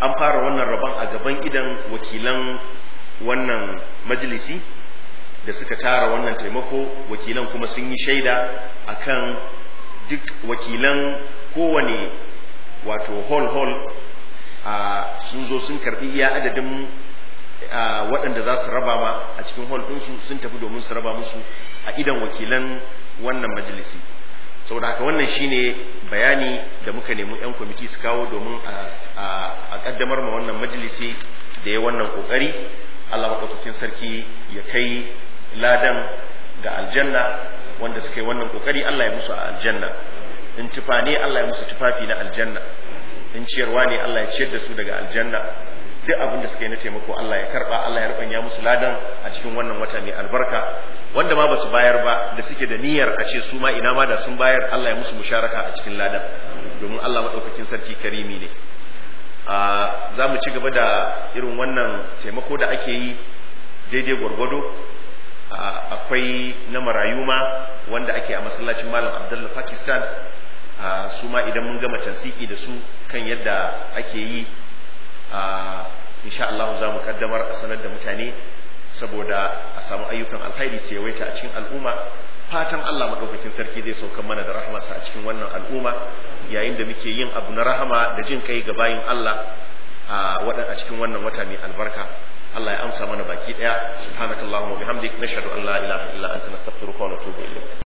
an fara wannan rabon a gaban idan wakilan wannan majalisi da suka tara wannan taimako wakilan kuma sun yi shaida akan duk wakilan kowane wato hall hall sun zo sun karbi iya adadin waɗanda za su raba ma a cikin hall ɗinsu sun tafi domin su raba musu a idan wakilan wannan majalisi saboda haka wannan shine bayani da muka nemi 'yan kwamiti su kawo domin a ƙaddamar ma wannan majalisi da ya wannan ƙoƙari allah maɗaukakin sarki ya kai ladan ga aljanna wanda suka yi wannan ƙoƙari allah ya musu a aljanna in tufa ne Allah ya musu tufafi na aljanna in ciyarwa ne Allah ya ciyar da su daga aljanna duk abin da suka yi na taimako Allah ya karba Allah ya rubanya musu ladan a cikin wannan wata mai albarka wanda ma basu bayar ba da suke da niyyar a ce su ma ina ma da sun bayar Allah ya musu musharaka a cikin ladan domin Allah madaukakin sarki karimi ne a za mu ci gaba da irin wannan taimako da ake yi daidai gwargwado Ah, akwai na marayu ma wanda ake a masallacin malam abdullah pakistan ah, su ma idan mun gama tansiki da su kan yadda ake yi ah, insha Allah za mu kaddamar a sanar da mutane saboda a samu ayyukan alkhairi su yawaita a cikin al'umma fatan Allah maɗaukakin sarki zai saukan mana da rahamarsa a cikin wannan al'umma yayin da muke yin abu na rahama da jin kai ga bayin Allah a cikin wannan wata mai albarka Allah ya amsa mana baki daya subhanakallahumma wa bihamdik nashhadu an la ilaha illa anta nastaghfiruka wa natubu ilayk